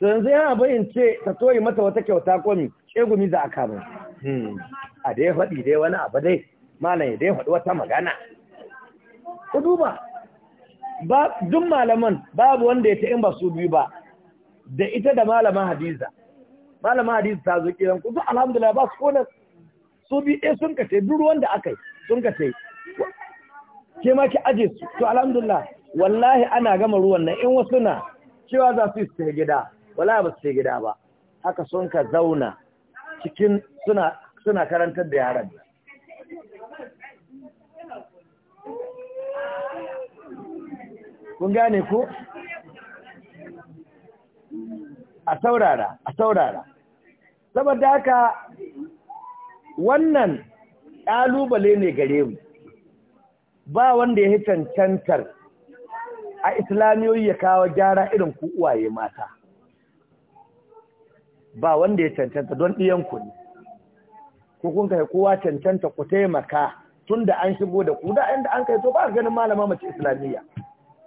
[SPEAKER 1] to yanzu yana bayin ce ta toyi mata wata kyauta komi, mi gumi za a kama hmm. a dai faɗi dai wani abu dai malam ya dai faɗi wata magana ku duba ba duk malaman babu wanda ya ta in ba su biyu ba da ita da malaman hadiza malaman hadiza ta zo kiran ku alhamdulillah ba su kona su biyu ɗaya sun kace duk wanda aka yi sun kace ke ma ki aje su to alhamdulillah wallahi ana gama ruwan nan in wasu na cewa za su yi gida wallahi ba su gida ba haka sun ka zauna cikin suna suna karantar da yaran kun gane ko a saurara a saurara saboda haka wannan ƙalubale ne gare mu ba wanda ya cancantar a islamiyoyi ya kawo gyara irin ku uwaye mata ba wanda ya cancanta don ɗiyanku ne ko kun kai kowa cancanta ku taimaka tunda an shigo da ku da inda an kai to ba ganin malama mace islamiyya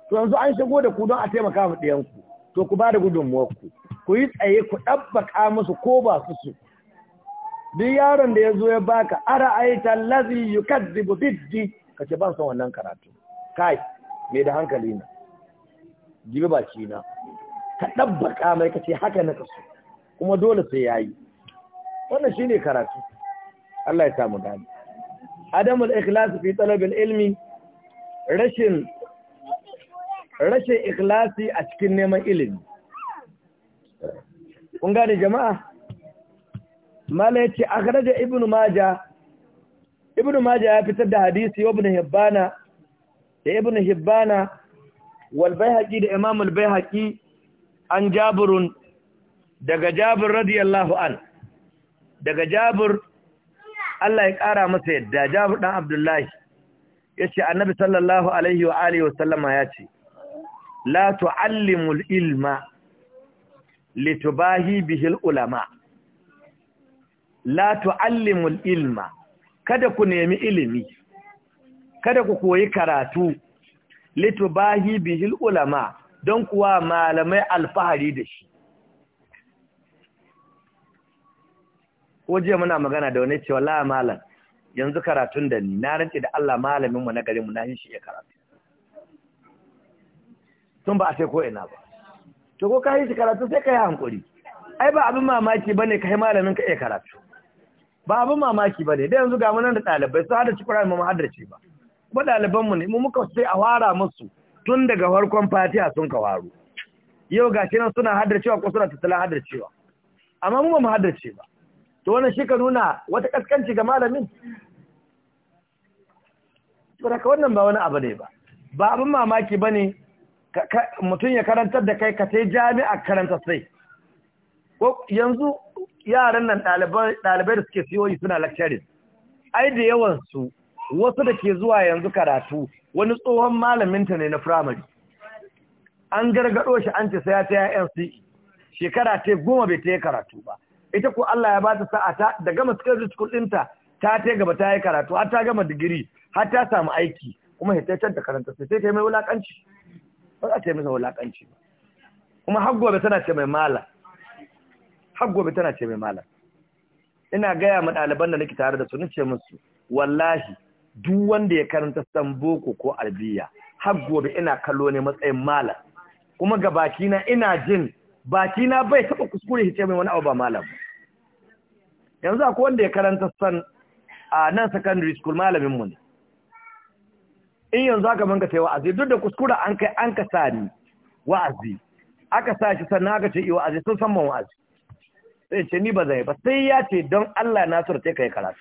[SPEAKER 1] to yanzu an shigo da ku don a taimaka ma ɗiyanku to ku ba da gudunmuwarku ku yi tsaye ku ɗabbaka musu ko ba su su duk yaron da ya zo ya baka ara aita lazi yukazzibu biddi ce ba son wannan karatu kai me da hankali na jibi baki na ka ɗabbaka mai ce haka na kasu kuma dole sai ya yi. wannan shi ne karatu Allah ya samu dani adamul ikhlas fi talabil ilmi rashin rashin ikhlasi a cikin neman ilimi kun gane jama'a mala yace da Ibn maja Ibn maja ya fitar da hadisi ibn hibbana da ibn hibbana walbai haƙi da imam walbai haƙi an jabirun daga jabir radiyallahu an daga jabir Allah ya ƙara masa yadda jabir ɗan abdullahi yace annabi sallallahu alaihi wa alihi wa sallama yace la tu'allimul ilma litubahi bihil ulama la ilma kada ku nemi ilimi kada ku koyi karatu litubahi bihil ulama don kuwa malamai alfahari da shi ko jiya muna magana da wani cewa la malam yanzu karatun da ni na rance da Allah malamin mu na garin mu na yin shi ya karatu sun ba a sai ko ina ba to ko ka yi shi karatu sai ka yi hankuri ai ba abin mamaki bane yi malamin ka iya karatu ba abin mamaki bane dai yanzu ga nan da ɗalibai su hada cikura mu haddace ba kuma ɗaliban mu ne mu muka sai a wara musu tun daga farkon fatiha sun ka waro yau shi nan suna cewa ko suna tattala cewa. amma mu ba mu ba to wannan shi ka nuna wata kaskanci ga malamin saboda ka wannan ba wani abu ne ba ba abin mamaki bane mutum ya karantar da kai ka sai jami'a karanta sai yanzu yaran nan ɗalibai da suke siyoyi suna lecturing ai da yawansu wasu da ke zuwa yanzu karatu wani tsohon malaminta ne na firamare an gargaɗo shi an ce sai ya ta NCE shekara ta goma bai ta yi karatu ba ita ko Allah ya ba ta sa'a ta da gama secondary school ɗinta ta ta gaba ta yi karatu har ta gama digiri har ta samu aiki kuma hitaitar da karanta sai ta yi mai wulakanci ba za ta yi masa ba kuma har gobe tana ce mai mala har tana ce mai mala ina gaya ma ɗaliban da nake tare da su ni ce musu wallahi duk wanda ya karanta san boko ko albiya har ina kallo ne matsayin malam kuma ga bakina ina jin bakina bai taɓa kuskure shi ce mai wani abu ba malam yanzu akwai wanda ya karanta san a nan secondary school malamin mu ne in yanzu aka manka ta wa'azi duk da kuskura an kai an ka sa ni wa'azi aka sa shi sannan aka ce wa'azi sun san man wa'azi sai ce ni ba zai ba sai ya ce don Allah na surte kai karatu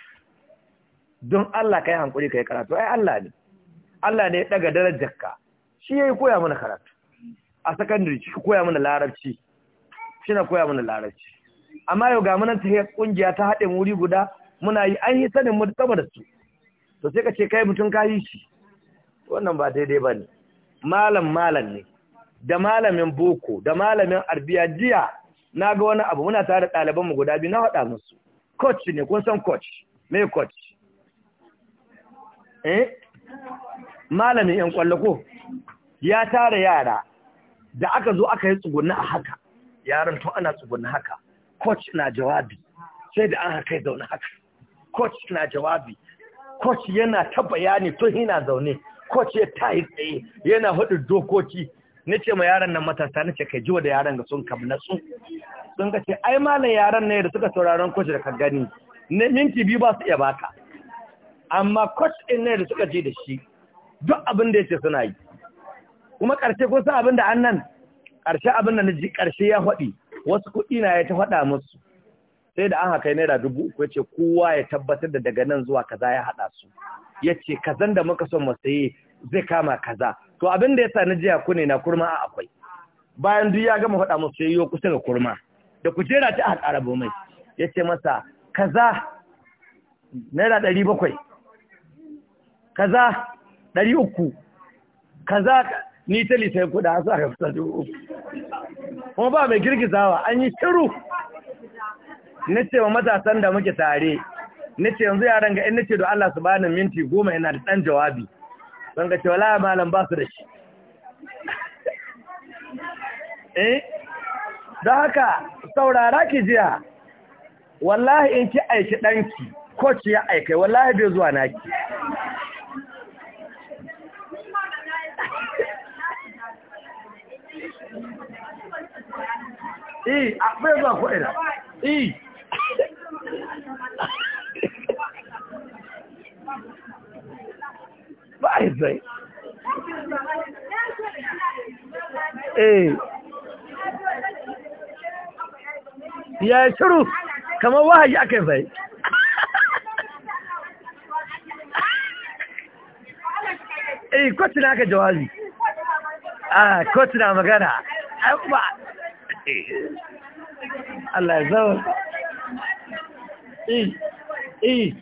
[SPEAKER 1] don Allah kai hankuri kai karatu ai Allah ne Allah ne ya daga darajar ka shi yayi koya mana karatu a secondary shi koya mana larabci shi na koya mana larabci amma yau ga munan ta kungiya ta haɗe muri guda muna yi an yi sanin mu da su to sai ka ce kai mutum ka yi shi wannan ba daidai ba ne malam malam ne da malamin boko da malamin arbiya jiya na ga wani abu muna tare da mu guda biyu na haɗa musu coach ne kun san coach me coach eh malamin yan kwallo ko ya tare yara da aka zo aka yi tsugunna a haka yaran to ana tsugunna haka coach na jawabi sai da an haka zaune haka coach na jawabi coach yana ta bayani tun hina zaune coach ya tayi tsaye yana hudu dokoki na ce ma yaran nan matasa na ce kai jiwa da yaran ga sun kam natsu sun ka ce ai malam yaran ne da suka sauraron coach da ka gani ne minti biyu ba su iya baka amma coach din ne da suka ji da shi duk abin da ce suna yi kuma karshe ko sa abin da annan karshe abin da ji karshe ya faɗi wasu kuɗi na ya ta faɗa musu sai da an haka naira dubu uku ya ce kowa ya tabbatar da daga nan zuwa kaza ya haɗa su ya ce kazan da muka son mu saye zai kama kaza to abin da sa na jiya ku ne na kurma a akwai bayan duk ya gama faɗa musu yayyo kusa ga kurma da ku jera ta a ƙara mai ya ce masa kaza naira ɗari bakwai kaza ɗari uku kaza ni ta lisai kuɗa su aka fita dubu uku kuma ba mai girgizawa an yi shiru na ce wa matasan da muke tare ce yanzu yaran ga in ce da Allah su bani minti goma yana da ɗan jawabi don ga cewa la malam ba su da shi
[SPEAKER 2] (laughs) eh da haka
[SPEAKER 1] saurara ki jiya wallahi in ki aiki ɗanki, ko ci ya aikai wallahi bai zuwa naki (laughs)
[SPEAKER 2] Eh, akwai zuwa ko ina. Eh. (laughs) Vai, a yadda eh
[SPEAKER 1] ya yi shiru kamar wahayi aka yi zai
[SPEAKER 2] eh kwacin aka jawazi a kwacin magana ba eh. Allah ya zama eh eh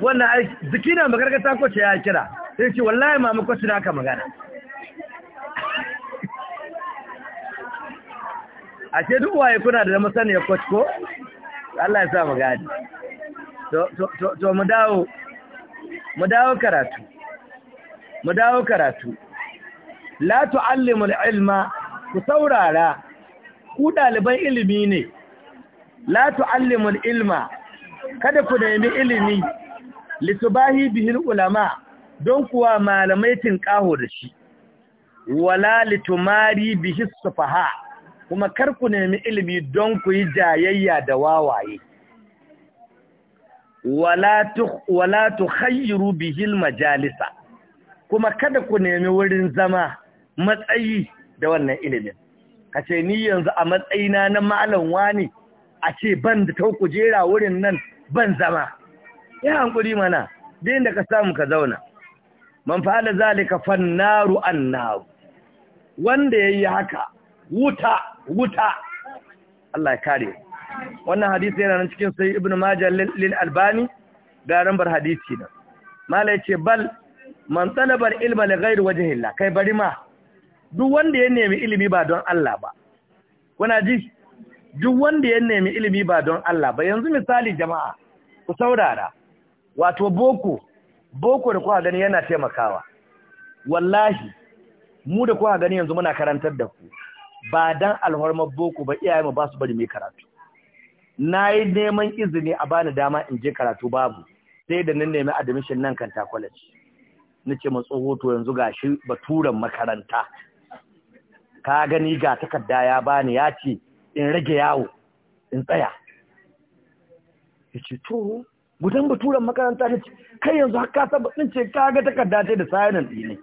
[SPEAKER 2] wannan aiki jiki na magana
[SPEAKER 1] ta kwace ya kira sai ce wallahi mama kwace na ka magana
[SPEAKER 2] a (laughs) ce duk waye kuna da masaniyar kwace ko
[SPEAKER 1] Allah ya sa mu gadi to mu dawo
[SPEAKER 2] mu dawo karatu
[SPEAKER 1] mu dawo karatu la tu'allimu al-ilma ku saurara ku daliban ilimi ne la tu'allimu al-ilma kada ku nemi ilimi litubahi bihil ulama don kuwa malamai tinkaho da shi wala litumari bihi sufaha kuma kar ku nemi ilimi don ku yi jayayya da wawaye wala tukhayyiru bihil majalisa kuma kada ku nemi wurin zama matsayi da wannan ilimin kace ni yanzu a matsayina na malam wani a ce ban da ta kujera wurin nan ban zama ya hankuri mana din da ka samu ka zauna man fa'ala zalika fannaru annaru wanda yayi haka wuta wuta Allah ya kare wannan hadisi yana nan cikin sai ibnu majah lil albani da rambar hadisi nan mala yace bal man talabar ilma li ghairi wajhillah kai bari ma duk wanda ya nemi ilimi ba don Allah ba kuna ji duk wanda ya nemi ilimi ba don Allah ba yanzu misali jama'a ku saurara wato boko boko da kuka gani yana taimakawa wallahi mu da kuka gani yanzu muna karantar da ku ba dan alhormar boko ba iyaye mu ba su bari mu karatu nayi neman izini a bani dama in je karatu babu sai da nan nemi admission nan kan ta college nace mu tsoho to yanzu gashi baturan makaranta ka gani ga takarda ya bani ya in rage yawo in tsaya yace to gudan baturan makaranta ta ce kai yanzu haka ka saba ce ka ga kaddace ta da sayanin ɗini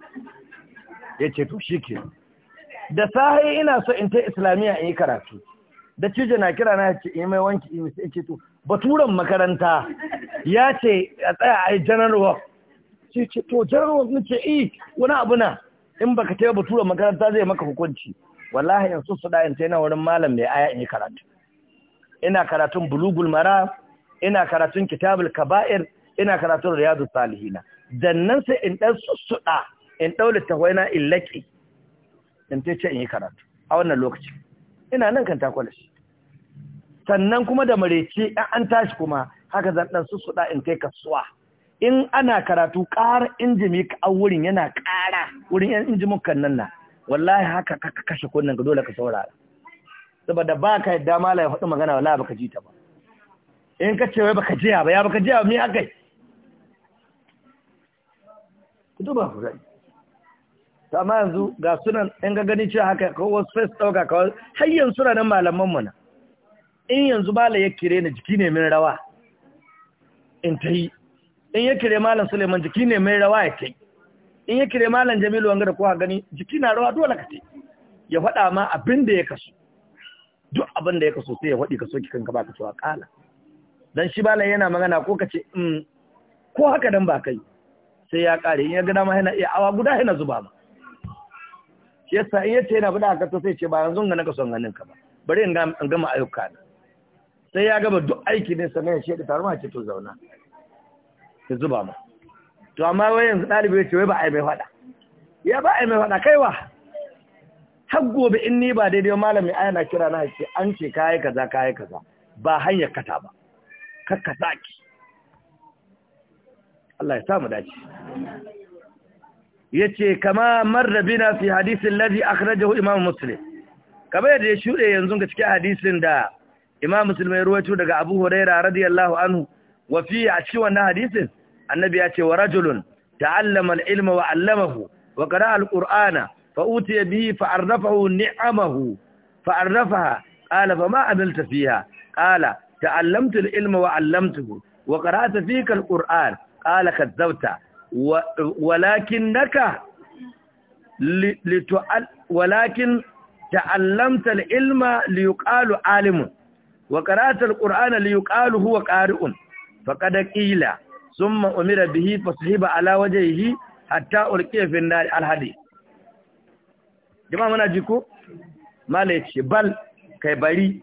[SPEAKER 1] ya ce to shi ke da sahi ina so in ta islamiyya in yi karatu da cije na kira na ce in eh, mai wanki in eh, sai ce to baturan makaranta
[SPEAKER 2] ya ce
[SPEAKER 1] a tsaya a yi general work ce to general sun ce i eh, wani abu na in baka yi baturan makaranta zai maka hukunci wallahi yanzu su da in ta yi na wurin malam mai aya in yi karatu ina karatun bulugul mara ina karatun kitabul kaba'ir ina karatun riyadu salihina dannan sai in dan sussuda in dau littafaina in laki in tace in yi karatu a wannan lokaci ina nan kan takwalashi sannan kuma da mareci an tashi kuma haka zan dan sussuda in kai kasuwa in ana karatu ƙara injimi a wurin yana ƙara wurin yan injimin kan nan na wallahi haka ka kashe kunnen ka dole ka saurara saboda baka yadda mala ya faɗi magana wala baka ji ta ba in ka ce wai baka jiya ba ya baka jiya ba me aka yi ku ku gani to amma yanzu ga sunan in ga gani cewa haka ko wasu fes ɗauka ka har yanzu suna malaman mu na in yanzu Bala ya kire ni jiki ne min rawa in ta yi in ya kire malam suleiman jiki ne min rawa ya kai in ya kire malam jamilu wanga da kowa gani jiki na rawa dole ka ce ya faɗa ma abin da ya kaso duk abin da ya kaso sai ya faɗi kaso ki kanka baka cewa kala dan shi malam yana magana ko kace um mm, ko haka dan ba kai sai ya kare in ya ga dama yana iya awa guda yana zuba ba. shi yasa in yace yana bada haka to sai ce ba yanzu ga naka son ganin ka ba bari in gama ayyuka na sai ya gaba duk aiki ne sannan ya shedi taruma ce to zauna ya zuba ma to amma wai yanzu dalibi yace ce wai ba ai mai fada? ya ba ai mai fada kaiwa har gobe in ni ba daidai malami ai na kira na ce an ce kai kaza kai kaza ba hanyar kata ba kakka saki Allah ya samu dace yace kama marra bina fi hadisin ladhi jahu, imam muslim kamar yadda ya shuɗe yanzu ga cikin hadisin da imam muslim ya ruwaito daga abu huraira radiyallahu anhu wafiya a cikin wannan hadisin annabi ya ce wa rajulun ta'allama al-ilma wa 'allamahu wa kara al-qur'ana fa utiya bihi fa arrafahu ni'amahu fa arrafaha ƙala fa ma amilta fiha ƙala. ta'allamtu al 'allamtuhu wa qara'tu fika al-qur'an qala kadzabta walakin ta'allamta al-ilma liyuqalu 'alimun wa qara'ta al-qur'ana liyuqalu huwa qari'un faqad qila thumma umira bihi fasihiba ala wajhihi hatta ulqiya fi muna ji ko bal kai bari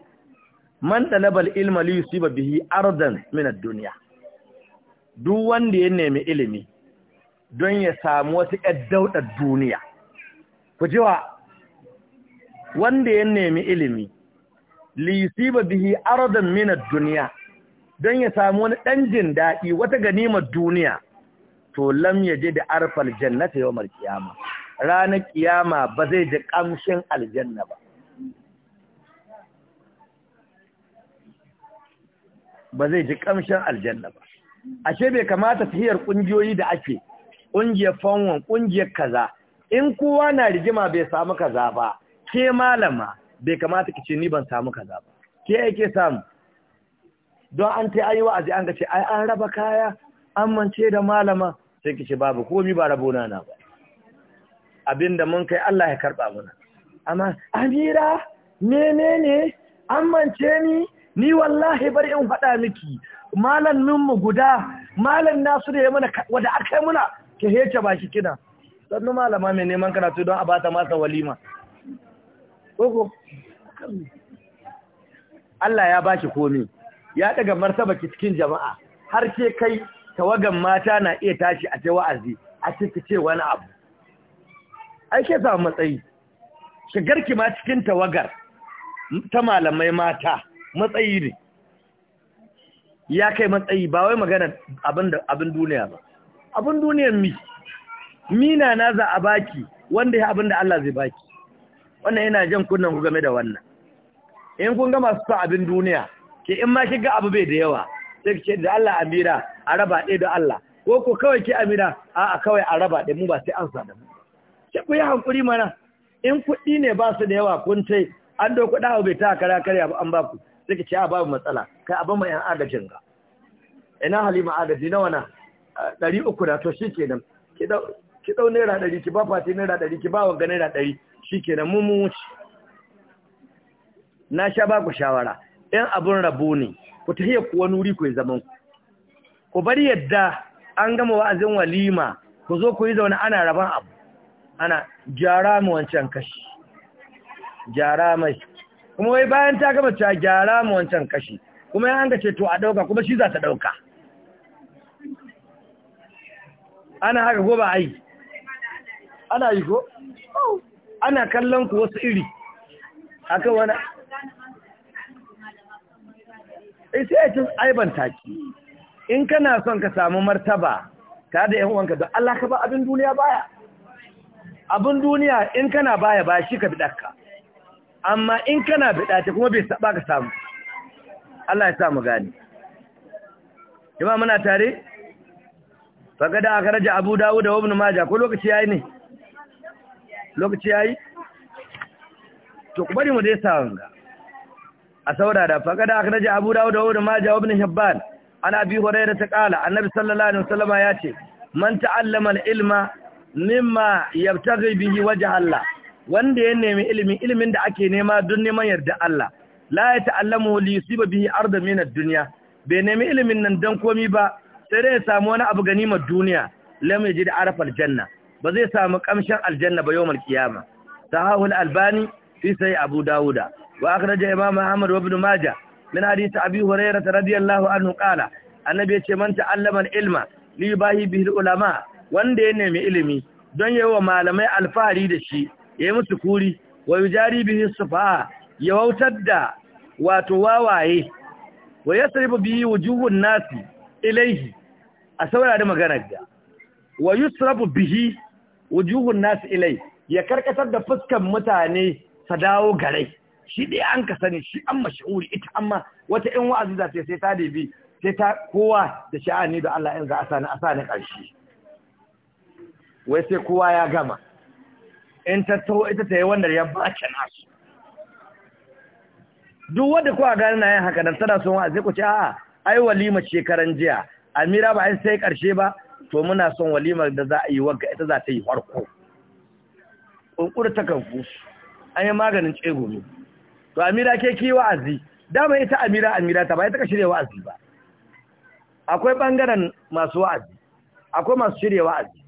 [SPEAKER 1] man talabal ilma li yusiba bihi ardan min ad-dunya duk wanda ya nemi ilimi don ya samu wasu addauda duniya ku jiwa wanda ya nemi ilimi li yusiba bihi ardan min ad-dunya don ya samu wani ɗan jin dadi wata ganimar duniya to lam yaje da arfal jannati yawmal qiyama ranar ƙiyama ba zai ji ƙamshin aljanna ba ba zai ji kamshin aljanna ba ashe bai kamata tahiyar ƙungiyoyi da ake ƙungiyar fanwon ƙungiyar kaza in kowa na rigima bai samu kaza ba ke malama bai kamata ki ce ni ban samu kaza ba ke yake samu don an ta yi wa'azi an ga ai an raba kaya an mance da malama sai ki ce babu komi ba rabona na ba abinda mun kai Allah ya karɓa mana. amma amira menene an mance ni ni wallahi bari in faɗa miki malaminmu guda malam nasu da ya mana wadda aka yi muna ke hece ba shi kina sannu malama mai neman karatu don a ba ta masa walima ƙoƙo Allah ya ba shi komi ya ɗaga martaba ki cikin jama'a har ke kai tawagan mata na iya tashi a ce wa'azi a cikin ce wani abu ai ke samu matsayi shigarki ma cikin tawagar ta malamai mata matsayi ne ya kai matsayi ba wai magana abin duniya ba abin duniyan mi mina na za a baki wanda ya abin da Allah zai baki wannan yana jan kunnan ku game da wannan in kun ga masu sa abin duniya ke in ma kiga abu bai da yawa sai ki ce da Allah amira a raba ɗaya da Allah ko ku kawai ki amira a a kawai a raba ɗaya mu ba sai an sada mu ke ku yi hankuri mana in kuɗi ne ba su da yawa kun ce an do ɗaya bai ta kara karya ba an ba ku suka ce a babu matsala kai abin mai yan agajin ga ina halima agaji nawa na ɗari uku na to shi kenan ki ɗau naira ɗari ki ba fati naira ɗari ki ba wanga naira ɗari shi kenan mun mun wuce na sha ba ku shawara yan abin rabo ne ku ta hiyar kuwa nuri ku yi zaman ku ku bari yadda an gama wa'azin walima ku zo ku yi zaune ana raban abu ana jara mu wancan kashi jara mai kuma wai bayan ta gama ta gyara mu wancan kashi kuma ya hanga ce to a ɗauka kuma shi za ta ɗauka ana haka ko ba ai ana yi ko ana kallon ku wasu iri akan wani eh, sai ya ci aiban taki in kana son ka samu martaba ta da yan uwanka don Allah ka ba abin duniya baya abin duniya in kana baya ba shi ka bi dakka amma in kana bida ta kuma bai saba ka samu Allah ya sa mu gani kuma muna tare da aka raja Abu Dawud da Ibn Majah ko lokaci yayi ne lokaci yayi to ku bari mu dai sawan ga a saurara da aka raja Abu Dawud da Ibn Majah Ibn Hibban ana bi horaira ta kala annabi sallallahu alaihi wasallama ya ce man ta'allama al-ilma mimma yabtaghi bihi wajha Allah wanda ya nemi ilimin, ilimin da ake nema don neman yarda Allah la ya ta'allamu li yusiba bihi arda min ad-dunya bai nemi ilimin nan dan komi ba sai dai ya samu wani abu ganimar duniya lam yajid arafa al-janna ba zai samu kamshin aljanna ba yawmal qiyama sahahul albani fi sai abu dauda wa akhraja imam ahmad wa ibn majah min hadith abi hurairah radiyallahu anhu qala annabi ya ce man ta'allama al-ilma li yubahi bihi al-ulama wanda ya nemi ilimi don yawa malamai alfahari da shi ya yi musu kuri wa yujari bihi sufaha ya wautar da wato wawaye wa yasrifu bihi juhun nasi ilaihi a da maganar da wa yusrafu bihi juhun nasi ilaihi ya karkatar da fuskan mutane ta dawo gare shi ɗaya an ka sani shi an mashuhuri ita amma wata ƴan wa'azi za ta sai ta debi sai ta kowa da sha'ani da Allah in za a sani a sani ƙarshe wai sai kowa ya gama in ta ita ta yi wanda ya ke nasu duk wanda kuwa gani na yin haka da tana son wa'azi ku ce a'a ai walima shekaran jiya amira ba ai sai karshe ba to muna son Walima da za a yi wagga ita za ta yi farko kunkura ta kanku an yi maganin tsegumi to amira ke ki wa'azi dama ita amira amira ta ba ita ka shirya wa'azi ba akwai bangaren masu wa'azi akwai masu shirya wa'azi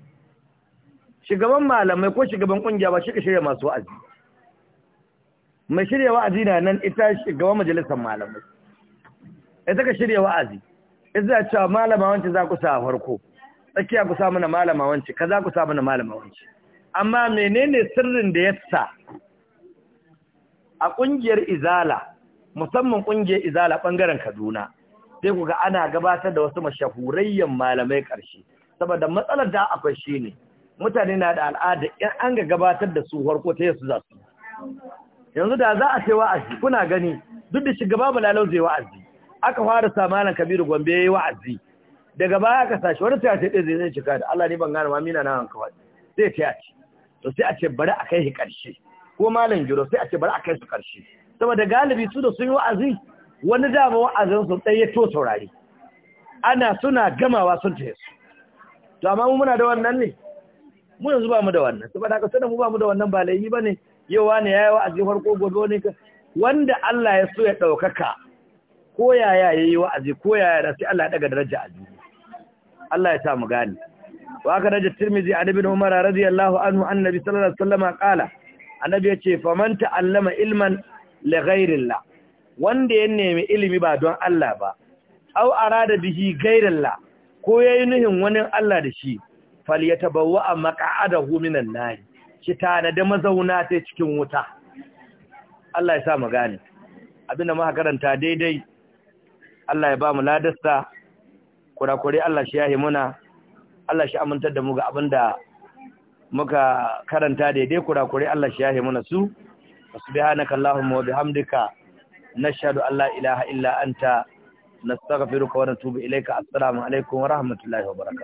[SPEAKER 1] shugaban malamai ko shugaban kungiya ba shi ka shirya masu wa'azi mai shirya wa'azi na nan ita shugaban majalisar malamai ita ka shirya wa'azi ita cewa malama wancan za ku sa farko tsakiya ku sa mana malama wancan za ku sa mana malama wancan amma menene sirrin da ya sa a kungiyar izala musamman kungiyar izala bangaren Kaduna sai ku ga ana gabatar da wasu mashahurayyan malamai ƙarshe saboda matsalar da akwai shine mutane na da al'ada in an ga gabatar da su harko ta yasu za su yanzu da za a ce wa'azi kuna gani duk da babu balalau zai wa'azi aka fara samanin kabiru gombe ya yi wa'azi daga baya aka sashi wani sai a ce ɗaya zai cika da Allah ne ban gane ma mina na hanka wani Sai ce a to sai a ce bari a kai shi ƙarshe ko malam giro sai a ce bari a kai su ƙarshe saboda galibi su da sun yi wa'azi wani dama wa'azin su ɗaya to saurari ana suna gamawa sun ta yasu to amma mu muna da wannan ne mu yanzu ba mu da wannan saboda haka sanin mu ba mu da wannan ba laifi bane yau wani yayi wa'azi farko gobe ne wanda Allah ya so ya daukaka ko yaya yayi wa'azi ko yaya da sai Allah ya daga daraja a Allah ya sa mu gane wa ka daraja Tirmidhi an ibn Umar radiyallahu anhu annabi sallallahu alaihi wasallam qala annabi yace faman ta'allama ilman li ghairillah wanda ya nemi ilimi ba don Allah ba au arada bihi gairalla. ko yayi nuhin wani Allah da shi Fal ya falyatabawwa maq'adahu minan nar shi da mazauna ta cikin wuta Allah ya sa mu gane abinda muka karanta daidai Allah ya ba mu ladasta kurakure Allah shi yi muna Allah shi amintar da mu ga abinda muka karanta daidai kurakure Allah shi yi muna su subhanaka allahumma wa bihamdika nashhadu an la ilaha illa anta nastaghfiruka wa natubu ilayka assalamu alaikum wa rahmatullahi wa barakatuh